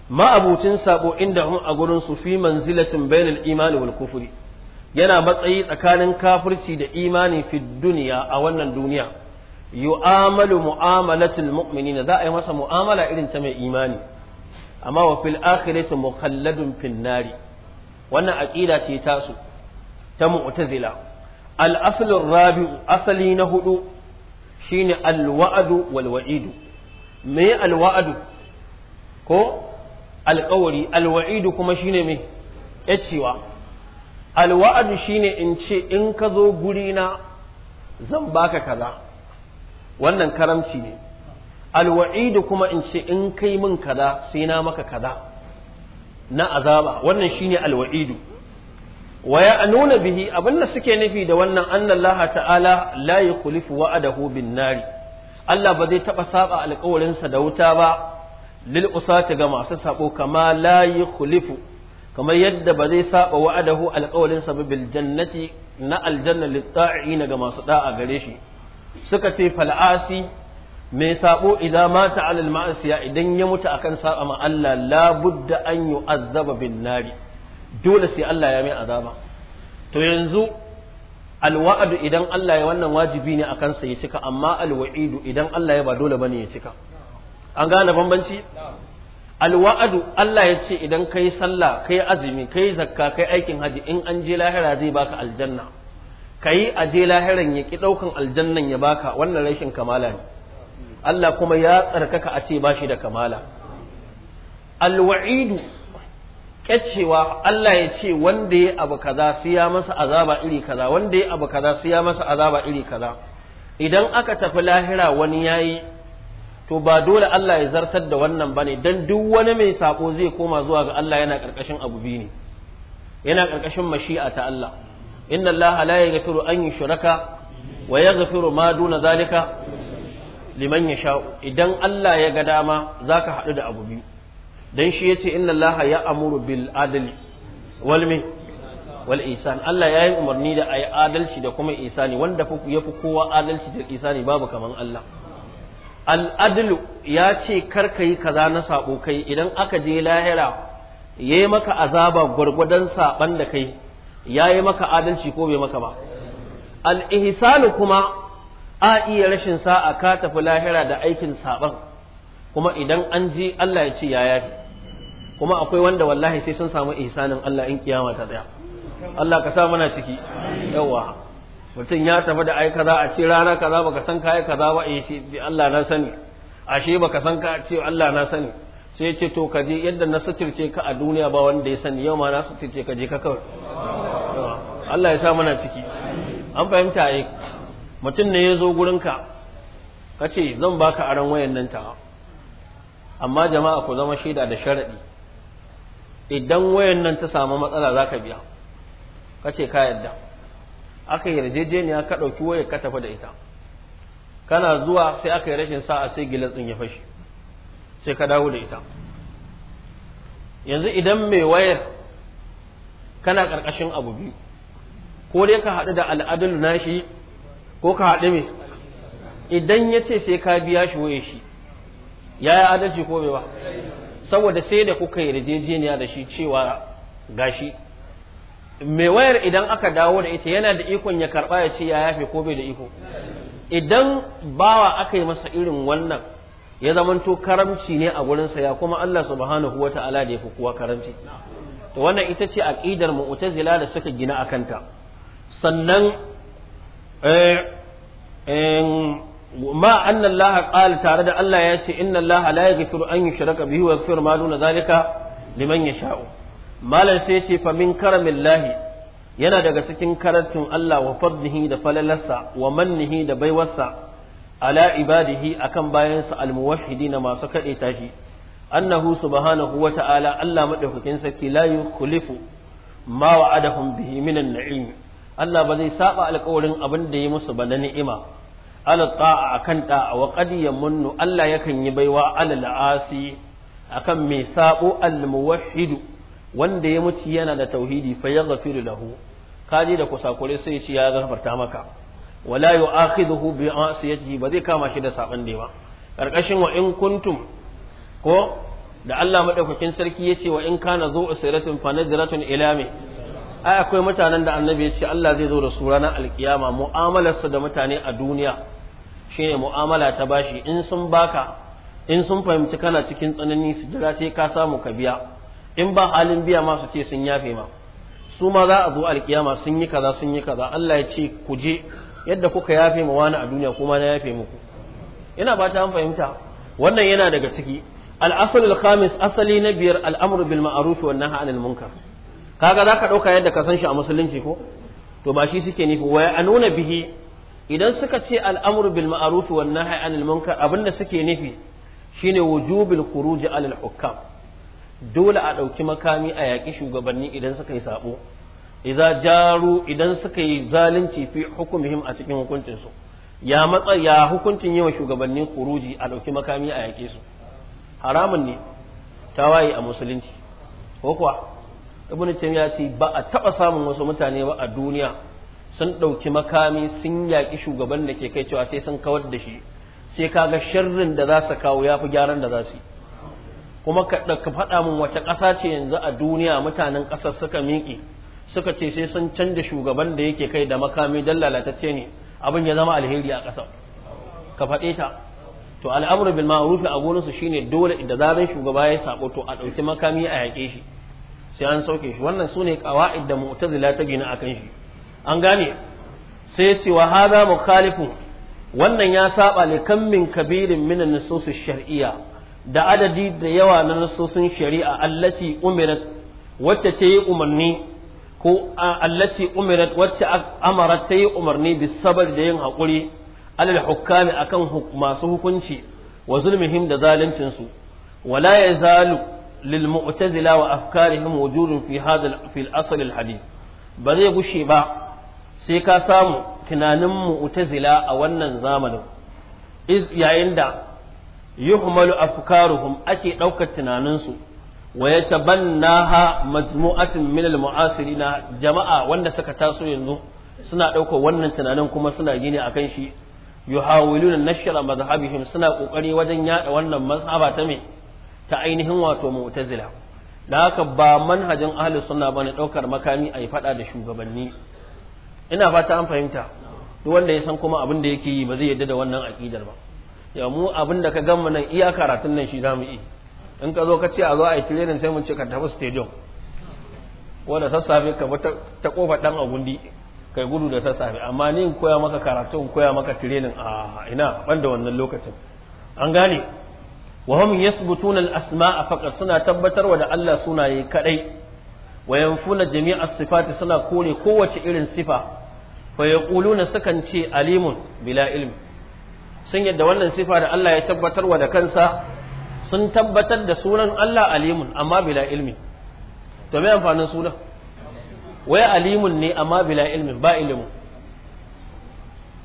ma'abucin sako inda hum a gurin su fi manzilatin bainal imani wal kufri yana matsayi tsakanin kafirci da imani fi duniya a wannan duniya yu'amalu mu'amalatul mu'minina za a yi masa mu'amala irin ta mai imani amma wa fil akhirati mukhalladun fin nari wannan aqida ce ta su ta mu'tazila al aslu rabi'u asali na hudu shine al wa'du wal wa'idu me al wa'du ko alƙawari Al-Wa'idu kuma shine me ya cewa alwa'adu shine in ce in ka zo guri na zan baka kaza wannan karamci ne alwa'idu kuma in ce in kai min kaza sai na maka kaza na azaba wannan shine alwa'idu wa ya'nuna bihi abinda suke nufi da wannan annallaha ta'ala la yukhlifu wa'adahu bin Allah ba zai taba saba sa da wuta ba lil usati ga masu sabo kama la yukhlifu kamar yadda ba zai saba wa'adahu alƙawarinsa ba bil jannati na aljanna lit ga masu da'a gare shi suka ce fal'asi mai sabo idza mata alal ma'asiya idan ya mutu akan saba ma Allah la budda an yu'azzaba bin nari dole sai Allah ya mai azaba to yanzu alwa'adu idan Allah ya wannan wajibi ne akan sa ya cika amma Al-Wa'idu idan Allah ya ba dole bane ya cika an gane bambanci alwa'adu Allah ya ce idan kai sallah kai azumi kai zakka kai aikin haji in an je lahira zai baka aljanna kai a je lahiran ya ki daukan aljannan ya baka wannan rashin kamala ne Allah kuma ya tsarkaka a ce ba shi da kamala alwa'idu kyacewa Allah ya ce wanda ya abu kaza su ya masa azaba iri kaza wanda ya abu kaza su ya masa azaba iri kaza idan aka tafi lahira wani yayi to ba dole Allah ya zartar da wannan ba ne. dan duk wani mai sako zai koma zuwa ga Allah yana ƙarƙashin abu biyu ne yana ƙarƙashin mashi'a ta Allah inna Allah la yaghfiru an yushraka wa ya ma duna zalika liman ya sha'u idan Allah ya ga dama za ka haɗu da abu biyu don shi ya ce inna Allah ya amuru bil adali wal min wal isan Allah ya yi umarni da a yi adalci da kuma isani wanda ya fi kowa adalci da isani babu kaman Allah al'adlu ya ce karka yi kaza na sabo kai idan aka je lahira ya yi maka azaba gwargwadon saban da kai ya yi maka adalci ko bai maka ba al ihsanu kuma a iya rashin sa'a ka tafi lahira da aikin saban kuma idan an ji Allah ya ce ya yafi kuma akwai wanda wallahi sai sun samu ihsanin Allah in kiyama ta tsaya Allah ka sa mana ciki yawa mutum ya tafi da ai kaza a ce rana kaza baka san kai kaza ba eh ce Allah na sani ashe baka san ka ce Allah na sani sai ce to ka je yadda na suturce ka a duniya ba wanda ya sani yau ma na suturce ka je ka kawai Allah ya sa mana ciki an fahimta ai eh. mutum ne ya zo gurinka ka ce zan ba ka aron wayan nan ta amma jama'a ku zama shaida da sharaɗi idan wayan nan ta samu matsala za ka biya ka ce ka yadda aka yarjejeniya ka ɗauki wayar ka tafi da ita kana zuwa sai aka yi rashin sa'a sai gilatsin ya fashe sai ka dawo da ita yanzu idan mai wayar kana ƙarƙashin abu biyu ko dai ka haɗu da al'adul nashi ko ka haɗu mai idan ya ce sai ka biya shi waye shi ya yi adalci ko ba saboda sai da kuka yi yarjejeniya da shi cewa gashi mai wayar idan aka dawo da ita yana da ikon ya karɓa ya ce ya yafe ko bai da iko idan bawa aka yi masa irin wannan ya zamanto karamci ne a gurinsa ya kuma Allah subhanahu wa ta'ala da ya fi kuwa karamci to wannan ita ce aqidar mu'tazila da suka gina a kanta sannan Eh, ma anna Allah qala tare da Allah ya ce inna Allah la yaghfiru an yushraka bihi wa yaghfiru ma duna zalika liman yasha'u malam sai ce fa min karamillahi yana daga cikin karatun Allah wa fadlihi da falalarsa wa mannihi da baiwarsa ala ibadihi akan bayansa almuwahhidina masu kade tashi annahu subhanahu wa ta'ala Allah madaukakin sarki la yukhlifu ma wa'adahum bihi minan na'im Allah ba zai saba alƙawarin abin da ya musu ba na ni'ima ala ta'a akan ta'a wa qad yamunnu Allah yakan yi baiwa ala la'asi akan mai sabo al muwahhid wanda ya mutu yana da tauhidi fa yaghfiru lahu kaji da kusakure sai ci ya gafarta maka wala yu'akhidhu bi asiyatihi ba zai kama shi da saban da ba karkashin wa in kuntum ko da Allah madaukakin sarki yace wa in kana zu'siratun fa nadratun ila ai akwai mutanen da annabi ya ce Allah zai zo da su ranar alkiyama mu'amalarsa da mutane a duniya shine mu'amala ta bashi in sun baka in sun fahimci kana cikin tsanani su jira sai ka samu ka biya in ba halin biya ma su ce sun yafe ma su ma za a zo alkiyama sun yi kaza sun yi kaza Allah ya ce ku je yadda kuka yafe ma wani a duniya kuma na yafe muku ina ba ta fahimta wannan yana daga ciki al-asl khamis asali na biyar al-amru bil ma'ruf wa nahy anil munkar kaga za ka ɗauka yadda ka san shi a musulunci ko to ba shi suke nufi waya a nuna bihi idan suka ce al'amru bil ma'ruf wan nahyi anil munkar abinda suke nufi shine wujubil khuruj alal hukam dole a ɗauki makami a yaƙi shugabanni idan suka yi sabo idan jaru idan suka yi zalunci fi hukumihim a cikin hukuncin su ya matsa ya hukuncin yi wa shugabanni kuruji a ɗauki makami a yaƙe su haramun ne tawaye a musulunci ko kuwa ibn ya ce ba a taba samun wasu mutane ba a duniya sun ɗauki makami sun yaƙi shugaban da ke kai cewa sai sun kawar da shi sai kaga sharrin da za su kawo ya fi gyaran da za su yi kuma ka faɗa min wata ƙasa ce yanzu a duniya mutanen ƙasar suka miƙe suka ce sai sun canja shugaban da yake kai da makami don lalatacce ne abin ya zama alheri a ƙasar ka faɗe ta to al'amru bil ma'ruf a su shine dole da zaran shugaba ya sako to a ɗauki makami a yaƙe shi sai an sauke shi wannan su ne ƙawa'id da mu'tazila ta gina akan shi an gane sai ce wa hada mukhalifun wannan ya saba kan min kabirin min an-nusus shar'iyya da adadi da yawa na nususin shari'a allati umirat wacce ta yi umarni ko allati umirat wacce amarat ta yi umarni bi sabar da yin haƙuri alal hukkami akan masu hukunci wa zulmihim da zaluncin su wala yazalu للمعتزلة وأفكارهم وجود في هذا في الأصل الحديث بذي قشي با سيكا سامو تنانم معتزلة أولا زامن إذ يعند يهمل أفكارهم أكي أوكا تناننسو ويتبناها مجموعة من المعاصرين جماعة وانا سكتاسو ينزو سنة أوكا وانا تناننكم سنة يني أكنشي yuhawiluna nashra madhhabihim suna kokari wajen yada wannan mazhaba ta me ta ainihin wato mu'tazila da haka ba manhajin ahli sunna bane daukar makami a yi fada da shugabanni ina fata an fahimta duk wanda ya san kuma abin da yake yi ba zai yarda da wannan aqidar ba ya mu abin da ka gama nan iya karatun nan shi zamu yi in ka zo ka ce a zo a yi training sai mun ce ka tafi stadium wanda sassafe ka bi ta kofa dan agundi kai gudu da sassafe amma ni in koya maka karatu in koya maka training a ina banda wannan lokacin an gane wa hum yasbutuna al-asma'a faqat suna tabbatarwa da Allah sunaye kaɗai, wa yanfuna jami'a sifati suna kore kowace irin sifa fa yaquluna sukan ce alimun bila ilmi sun yadda wannan sifa da Allah ya tabbatarwa da kansa sun tabbatar da sunan Allah alimun amma bila ilmi to me amfanin sunan wai alimun ne amma bila ilmin ba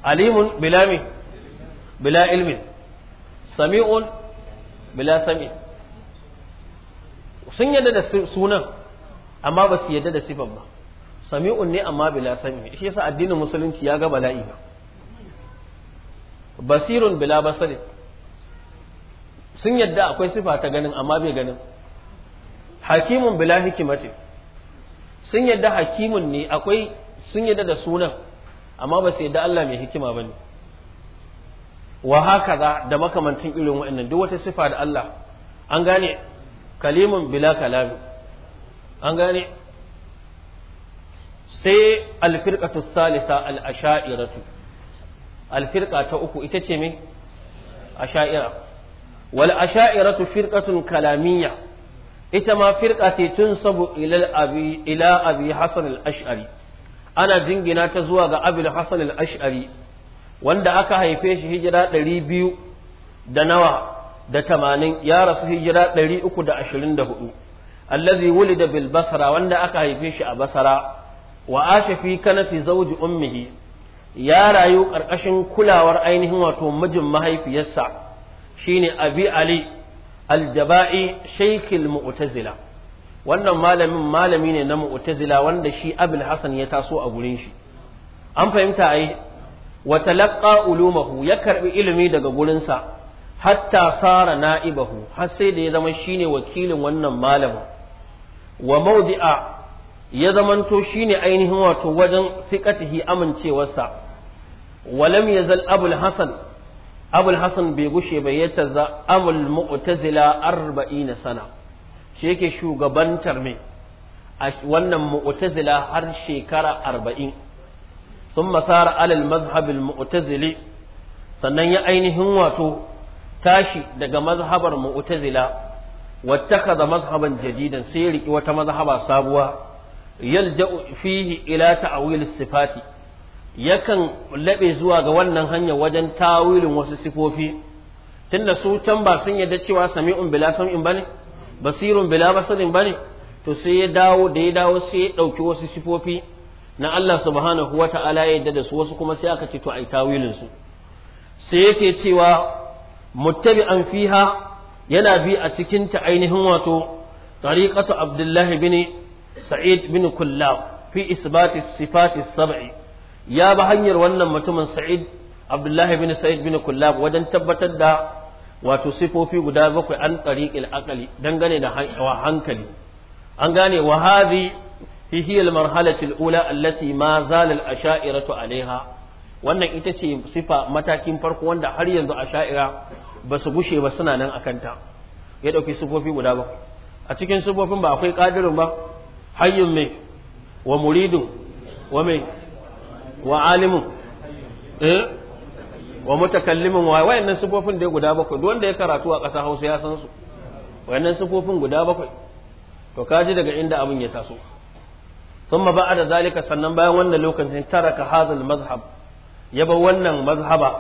alimun bila bila ilmin sami'un bila sami sun yadda da sunan amma ba su yadda da sifan ba sami'un ne amma bila sami shi yasa addinin musulunci ya ga bala'i ba basirun bila basari sun yadda akwai sifa ta ganin amma bai ganin hakimun bila hikimati sun yadda hakimun ne akwai sun yadda da sunan amma ba su yadda Allah mai hikima ba ne wa haka za da makamantan irin wa'annan duk wata sifa da Allah an gane kalimun bila kalami an gane sai alfirqatu salisa al-asha'iratu alfirqa ta uku ita ce me asha'ira wal asha'iratu firqatun kalamiyya ita ma firqa ce tun sabu ila abi ila abi hasan al-ash'ari ana dingina ta zuwa ga abul hasan al-ash'ari wanda aka haife shi hijira ɗari biyu da nawa da tamanin ya rasu hijira ɗari uku da ashirin da hudu allazi wuli da Bilbasara wanda aka haife shi a basara wa asha fi kanafi zauji ummihi ya rayu ƙarƙashin kulawar ainihin wato mijin mahaifiyarsa shine abi ali aljaba'i shaykil mu'tazila wannan malamin malami ne na mu'tazila wanda shi abul hasan ya taso a gurin shi an fahimta ai wa ulumahu ya karɓi ilimi daga gurinsa hatta sara na'ibahu har sai da ya zama shine wakilin wannan malamin wa maudi'a ya zamanto shine ainihin wato wajen fiqatihi amincewarsa walam yazal abul hasan abul hasan bai gushe bai ya tazza amul mu'tazila 40 sana shi yake shugabantar mai wannan mu'tazila har shekara arba'in sun masara alal mazhabin mu'tazili sannan ya ainihin wato tashi daga mazhabar mu'tazila wattakaza mazhaban jadidan sai ya riki wata mazhaba sabuwa yalja'u fihi ila ta'wil sifati yakan laɓe zuwa ga wannan hanyar wajen tawilin wasu sifofi tunda su can ba sun yadda cewa sami'un bila sam'in bane basirun bila basarin bane to sai ya dawo da ya dawo sai ya ɗauki wasu sifofi na Allah subhanahu wa ta'ala ya yadda da su wasu kuma sai aka ce to a tawilin su sai yake cewa muttabi'an fiha yana bi a cikin ainihin wato tariqatu Abdullahi bin Sa'id bin Kullab fi isbati sifati sab'i ya ba hanyar wannan mutumin Sa'id Abdullahi bin Sa'id bin Kullab wajen tabbatar da wato sifofi guda bakwai an tariqil aqali dangane da hankali an gane wa hadhi fi hiya al-marhalati al-ula allati ma zala ashairatu alaiha wannan ita ce sifa matakin farko wanda har yanzu asha'ira ba su gushe ba suna nan akan ta ya dauki sifofi guda ba a cikin sifofin ba akwai qadirun ba hayyun mai wa muridun wa mai wa alimun eh wa mutakallimin wa wayannan sifofin da guda bakwai duk wanda ya karatu a ƙasar Hausa ya san su wayannan sifofin guda bakwai to kaji daga inda abin ya taso a da zalika sannan bayan wannan lokacin taraka hadhal mazhab ba wannan mazhaba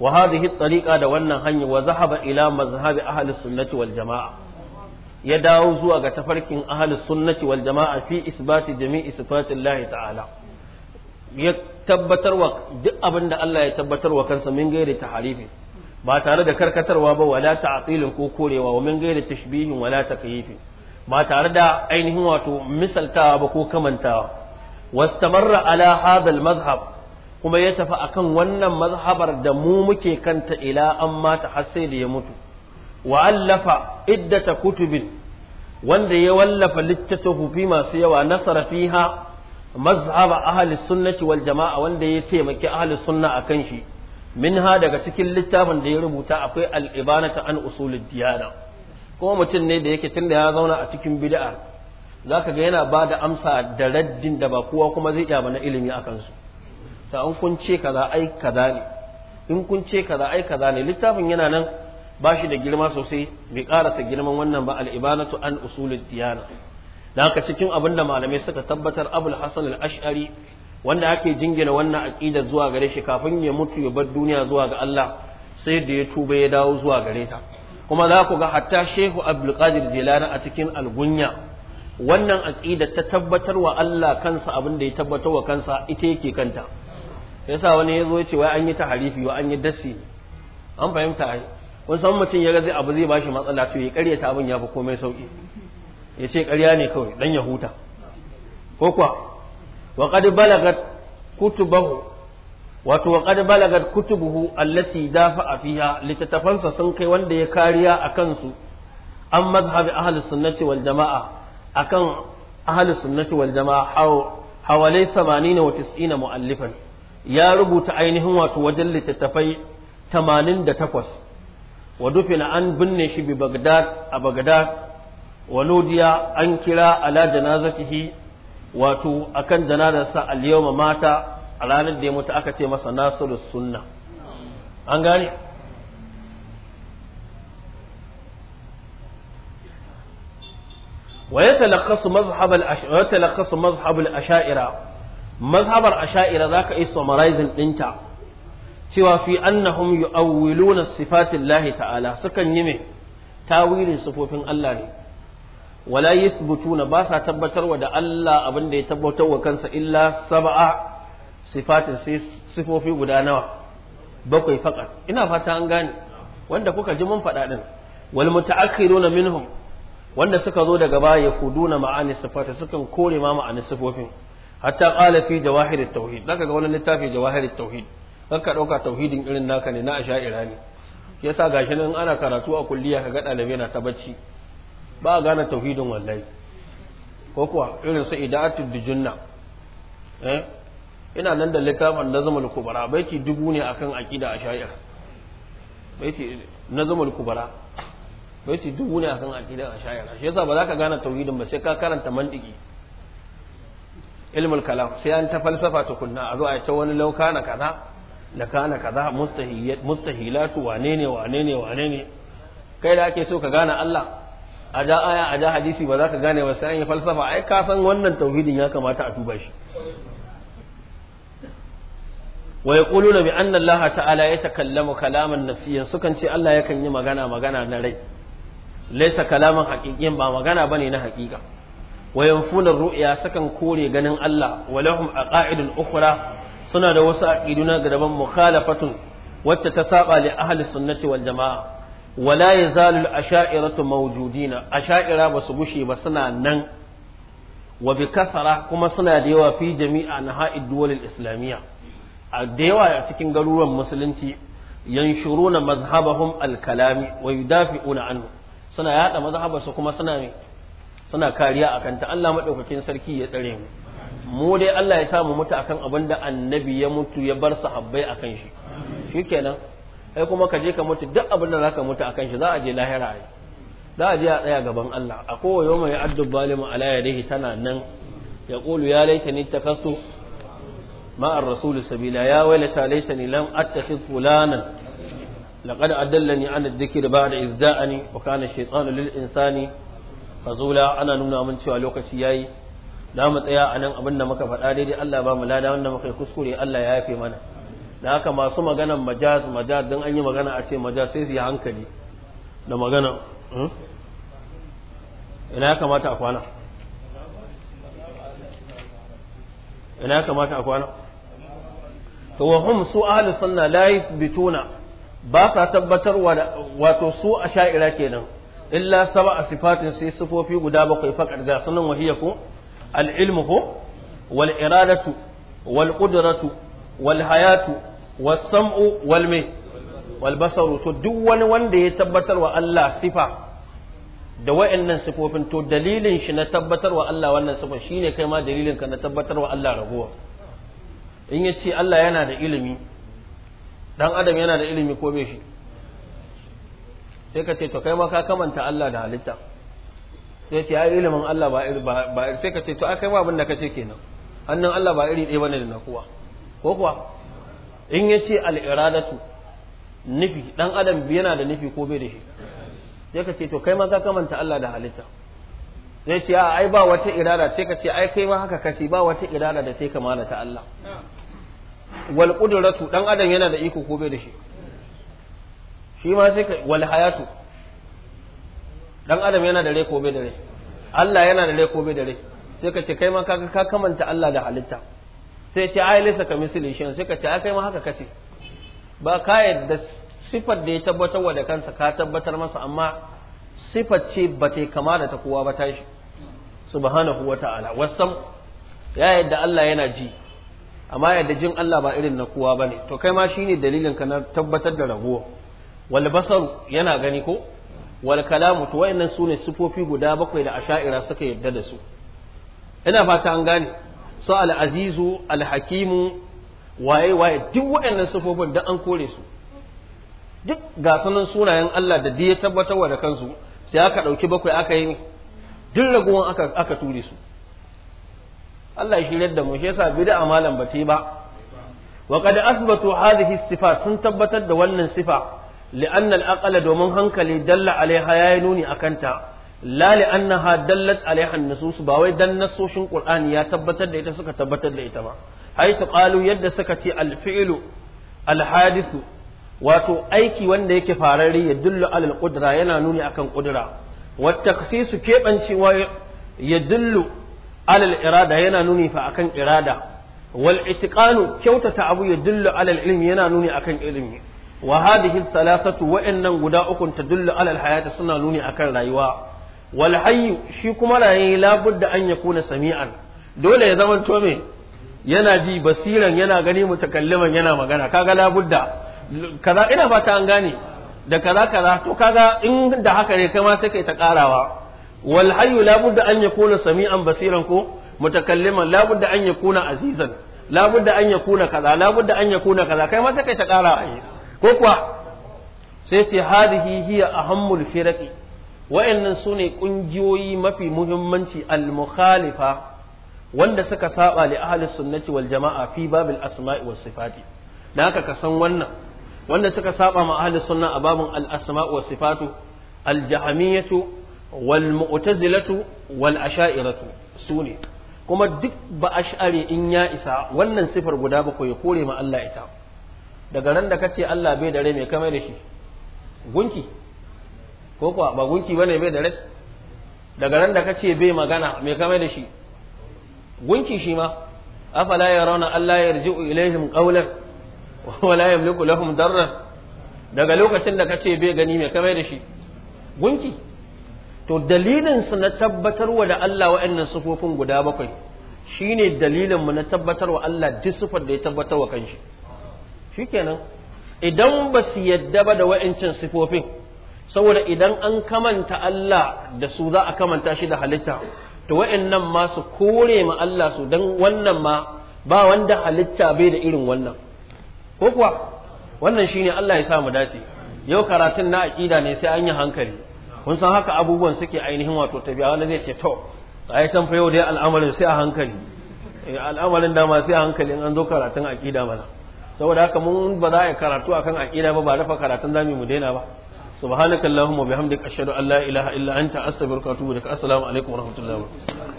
wa hadhihi tariqa da wannan hanya wa zahaba ila mazhabi ahli sunnati wal jamaa ya dawo zuwa ga tafarkin ahli sunnati wal jamaa fi isbati jami'i sifatillahi ta'ala ya wa duk abin da Allah ya wa kansa min gairi taharifi ba tare da karkatarwa ba wala ta'tilin ko korewa wa min gairi tashbihin wala takyifi ba tare da ainihin wato misaltawa ba ko kamantawa wastamarra ala hadal mazhab kuma ya tafi akan wannan mazhabar da mu muke kanta ila an mata har sai da ya mutu wa allafa iddata kutubin wanda ya wallafa littattafufi masu yawa nasara fiha mazhab ahli sunnati wal jama'a wanda ya taimaki ahli sunna kan shi minha daga cikin littafin da ya rubuta akwai al an usulid diyana ko mutum ne da yake tunda ya zauna a cikin bid'a zaka ga yana ba da amsa da raddin da ba kowa kuma zai iya na ilimi a kansu ta an kun ce kaza ai kaza ne in kun ce kaza ai kaza ne littafin yana nan ba shi da girma sosai bai karasa girman wannan ba al'ibanatu an usulul diyana da haka cikin abin da malamai suka tabbatar abul hasan al-ash'ari wanda ake jingina wannan aqida zuwa gare shi kafin ya mutu ya bar duniya zuwa ga Allah sai da ya tuba ya dawo zuwa gare ta kuma za ku ga hatta shehu abdulkadir jilani a cikin algunya wannan aƙida ta tabbatar wa Allah kansa abin da ya tabbatar wa kansa ita yake kanta yasa wani ya zo ya ce wai an yi ta harifi wa an yi dasi an fahimta ai wani san mutum ya ga zai abu zai ba shi matsala to ya ta abin ya fi komai sauki ya ce karya ne kawai dan ya huta ko kuwa wa qad balagat kutubahu wato wa qad balagat kutubuhu allati dafa'a fiha litatafansa sun kai wanda ya kariya a kansu an mazhabi ahli sunnati wal jama'a akan ahli sunnati wal jama'a hawalai 80 wa 90 mu'allifan ya rubuta ainihin wato wajen littattafai 88 wa dufina an binne shi bi bagdad a bagdad wa nudiya an kira ala janazatihi wato akan janazarsa al-yawma mata a ranar da ya mutu aka ce masa nasiru sunna an gane wa ya talakasu mazhabar asha'ira mazhabar asha'ira za ka yi summarizing ɗinta cewa fi annahum yu'awwiluna sifatin lahi ta'ala sukan yi mai tawirin sufofin Allah ne wala yi basa tabbatarwa da Allah abin da ya tabbatarwa kansa illa saba'a sifatin sai sifofi guda nawa bakwai fakat ina fata an gane wanda kuka ji mun faɗa din wal muta'akhiruna minhum wanda suka zo daga baya ya kuduna ma'ani sifata sukan kore ma ma'ani sifofin hatta qala fi jawahir at-tauhid zaka ga wannan littafi jawahir at-tauhid Karka dauka tauhidin irin naka ne na asha'ira ne yasa gashi nan ana karatu a kulliya kaga dalibai na ta bacci ba gane tauhidin wallahi ko kuwa irin su ida'atul bijunna eh ina nan da littafin nazamul kubara baiti dubu ne akan aqida ash'ariyya baiti nazamul kubara baiti dubu ne akan aqida ash'ariyya shi yasa ba za ka gane tauhidin ba sai ka karanta mandiki ilmul kalam sai an ta falsafa tukunna a zo a ta wani lauka na kaza da kana kaza mustahilatu wane ne wane ne wane ne kai da ake so ka gane Allah a ja aya a ja hadisi ba za ka gane ba sai an yi falsafa ai ka san wannan tauhidin ya kamata a tuba shi wa yaquluna ta'ala ya ta ta'ala yatakallamu kalaman nafsiyyan sukan ce Allah yakan yi magana magana na rai laisa kalaman haqiqiyan ba magana bane na haqiqa wa yanfuna ru'ya sukan kore ganin Allah wa lahum ƙa'idun ukura suna da wasu aƙidu na daban mukhalafatun wacce ta saba li ahli sunnati wal jamaa ولا ba الأشائرة موجودين أشائرة بسبوشي بسنا نن وبكثرة كما سنا ديوا في jami'a أنحاء الدول islamiyya. a da yawa a cikin garuruwan musulunci yanshuruna mazhabahum alkalami kalami wa yudafi'una anhu suna yada su kuma suna suna kariya akan ta Allah madaukakin sarki ya tsare mu mu dai Allah ya sa mu mutu akan abin da annabi ya mutu ya bar sahabbai akan shi shikenan kai kuma ka je ka mutu duk abin da zaka mutu akan shi za a je lahira ai za a je a tsaya gaban Allah a kowaye ya addu balimu ala yadihi tana nan ya qulu ya laitani takasu مع الرسول سبيلا يا ويلتى ليتني لم أتخذ فلانا لقد أدلني عن الذكر بعد إذ جاءني وكان الشيطان للإنسان فزولا أنا نمنا من شوى لوكشي ياي na mu tsaya a nan abin da muka faɗa daidai Allah ba mu lada wanda muka kuskure Allah ya yafe mana da haka masu maganan majaz majaz don an yi magana a sai su yi hankali da magana ina ya kamata a kwana ina ya kamata a kwana to wa hum su ahlus sunna la yathbituna ba sa tabbatarwa wato su asha'ira kenan illa sab'a sifatin sai sifofi guda bakwai faqad ga sunan wahiya ko al ilmu ko wal iradatu wal qudratu wal hayatu was sam'u wal wal basaru to duk wani wanda ya wa Allah sifa da wa'annan sifofin to dalilin shi na wa Allah wannan sifa shine kai ma dalilin ka na tabbatarwa Allah raguwa in ya ce Allah yana da ilimi dan adam yana da ilimi ko bai shi sai ka ce to kai ma ka kamanta Allah da halitta sai ce ai ilimin Allah ba ba sai ka ce to kai ma abin da kace kenan annan Allah ba iri ɗaya bane da na kowa ko kuwa in ya ce al'iradatu nufi dan adam yana da nufi ko bai da shi sai ka ce to kai ma ka kamanta Allah da halitta sai ce ai ba wata irada sai ka ce ai kai ma haka kace ba wata irada da sai kamala ta Allah wal qudratu dan adam yana da iko ko bai da shi shi ma sai ka wal hayatu dan adam yana da rai ko bai da rai Allah yana da rai ko bai da rai sai ka ce kai ma kaga ka kamanta Allah da halitta sai ce ai laysa kamisli shi sai ka ce ai kai ma haka kace ba ka yadda sifar da ya tabbatar wa da kansa ka tabbatar masa amma sifar ce ba ta kama da ta kowa ba shi subhanahu wata'ala wasam ya yadda Allah yana ji amma yadda jin Allah ba irin na kowa ba ne to kai ma shine dalilin ka na tabbatar da raguwa wal basar yana gani ko wal kalamu to wayannan su ne sifofi guda bakwai da asha'ira suka yarda da su ina fata an gane su al azizu al hakimu waye waye duk wayannan sifofin da an kore su duk ga sunayen Allah da ya tabbatar wa da kansu sai aka ɗauki bakwai aka yi duk raguwan aka ture su Allah shi da mu shi yasa a malam ba ba wa qad asbatu hadhihi sifa sun tabbatar da wannan sifa li anna al domin hankali dalla ya yayi nuni akanta la li annaha dallat alaiha an-nusus ba wai dan nasoshin qur'ani ya tabbatar da ita suka tabbatar da ita ba haitu qalu yadda suka ce al alhadisu wato aiki wanda yake fararri ya dullu alal qudra yana nuni akan qudra wa takhsisu kebancewa ya dullu alal irada yana nuni fa akan irada wal itiqanu kyautata abu ya dullu alal ilmi yana nuni akan ilmi wa hadhihi thalathatu wa innan guda ukun tadullu alal hayati suna nuni akan rayuwa wal hayy shi kuma rayi labudda an yakuna sami'an dole ya zama to me yana ji basiran yana gani mutakalliman yana magana kaga labudda kaza ina fata an gane da kaza kaza to kaga in da haka ne kai ma sai kai ta karawa wal hayyu la budda an yakuna sami'an basiran ko mutakalliman la budda an yakuna azizan la budda an yakuna kaza la budda an yakuna kaza kai ma sai ta kara ai ko kuwa sai ce hadhihi hiya ahammul firaqi wa'annan sune kungiyoyi mafi muhimmanci al wanda suka saba li ahli sunnati wal jama'a fi babil asma'i was sifati dan haka ka san wannan wanda suka saba ma ahli sunna a babun al asma' was sifatu al والمؤتزله والاشاعره wal asha'iratu su ne kuma duk ba ash'ari in ya isa wannan sifar guda bakwai kore ma Allah ita daga ran da kace Allah bai da rai mai kamar da shi gunki ko kuwa ba gunki bane bai da rai daga ran da kace bai magana mai kamar da shi gunki shi ma afala yarawna Allah yarji'u ilaihim qawlan wa la yamliku lahum darra daga lokacin da kace bai gani mai kamar da shi gunki to dalilin su na tabbatarwa da Allah wa'annan sufofin guda bakwai shine dalilin mu na tabbatarwa Allah duk sufar da ya tabbatarwa kanshi Shi kenan, idan ba su yadda ba da wa'ancin sufofin saboda idan an kamanta Allah da su za a kamanta shi da halitta to wa'annan ma su kore ma Allah su don wannan ma ba wanda halitta bai da irin wannan ko kuwa wannan shine Allah ya samu mu dace yau karatun na aƙida ne sai an yi hankali kun san haka abubuwan suke ainihin wato tafiya wanda zai ce to a yi fa yau dai al'amarin sai a hankali eh, al'amarin da ma sai a hankali an zo karatun aƙida mana saboda haka mun ba za a yi karatu akan aƙida ba ba dafa karatun zamu mu daina ba subhanakallahumma bihamdika ashhadu an la ilaha illa anta astaghfiruka wa atubu ilaik assalamu alaikum wa rahmatullahi wa barakatuh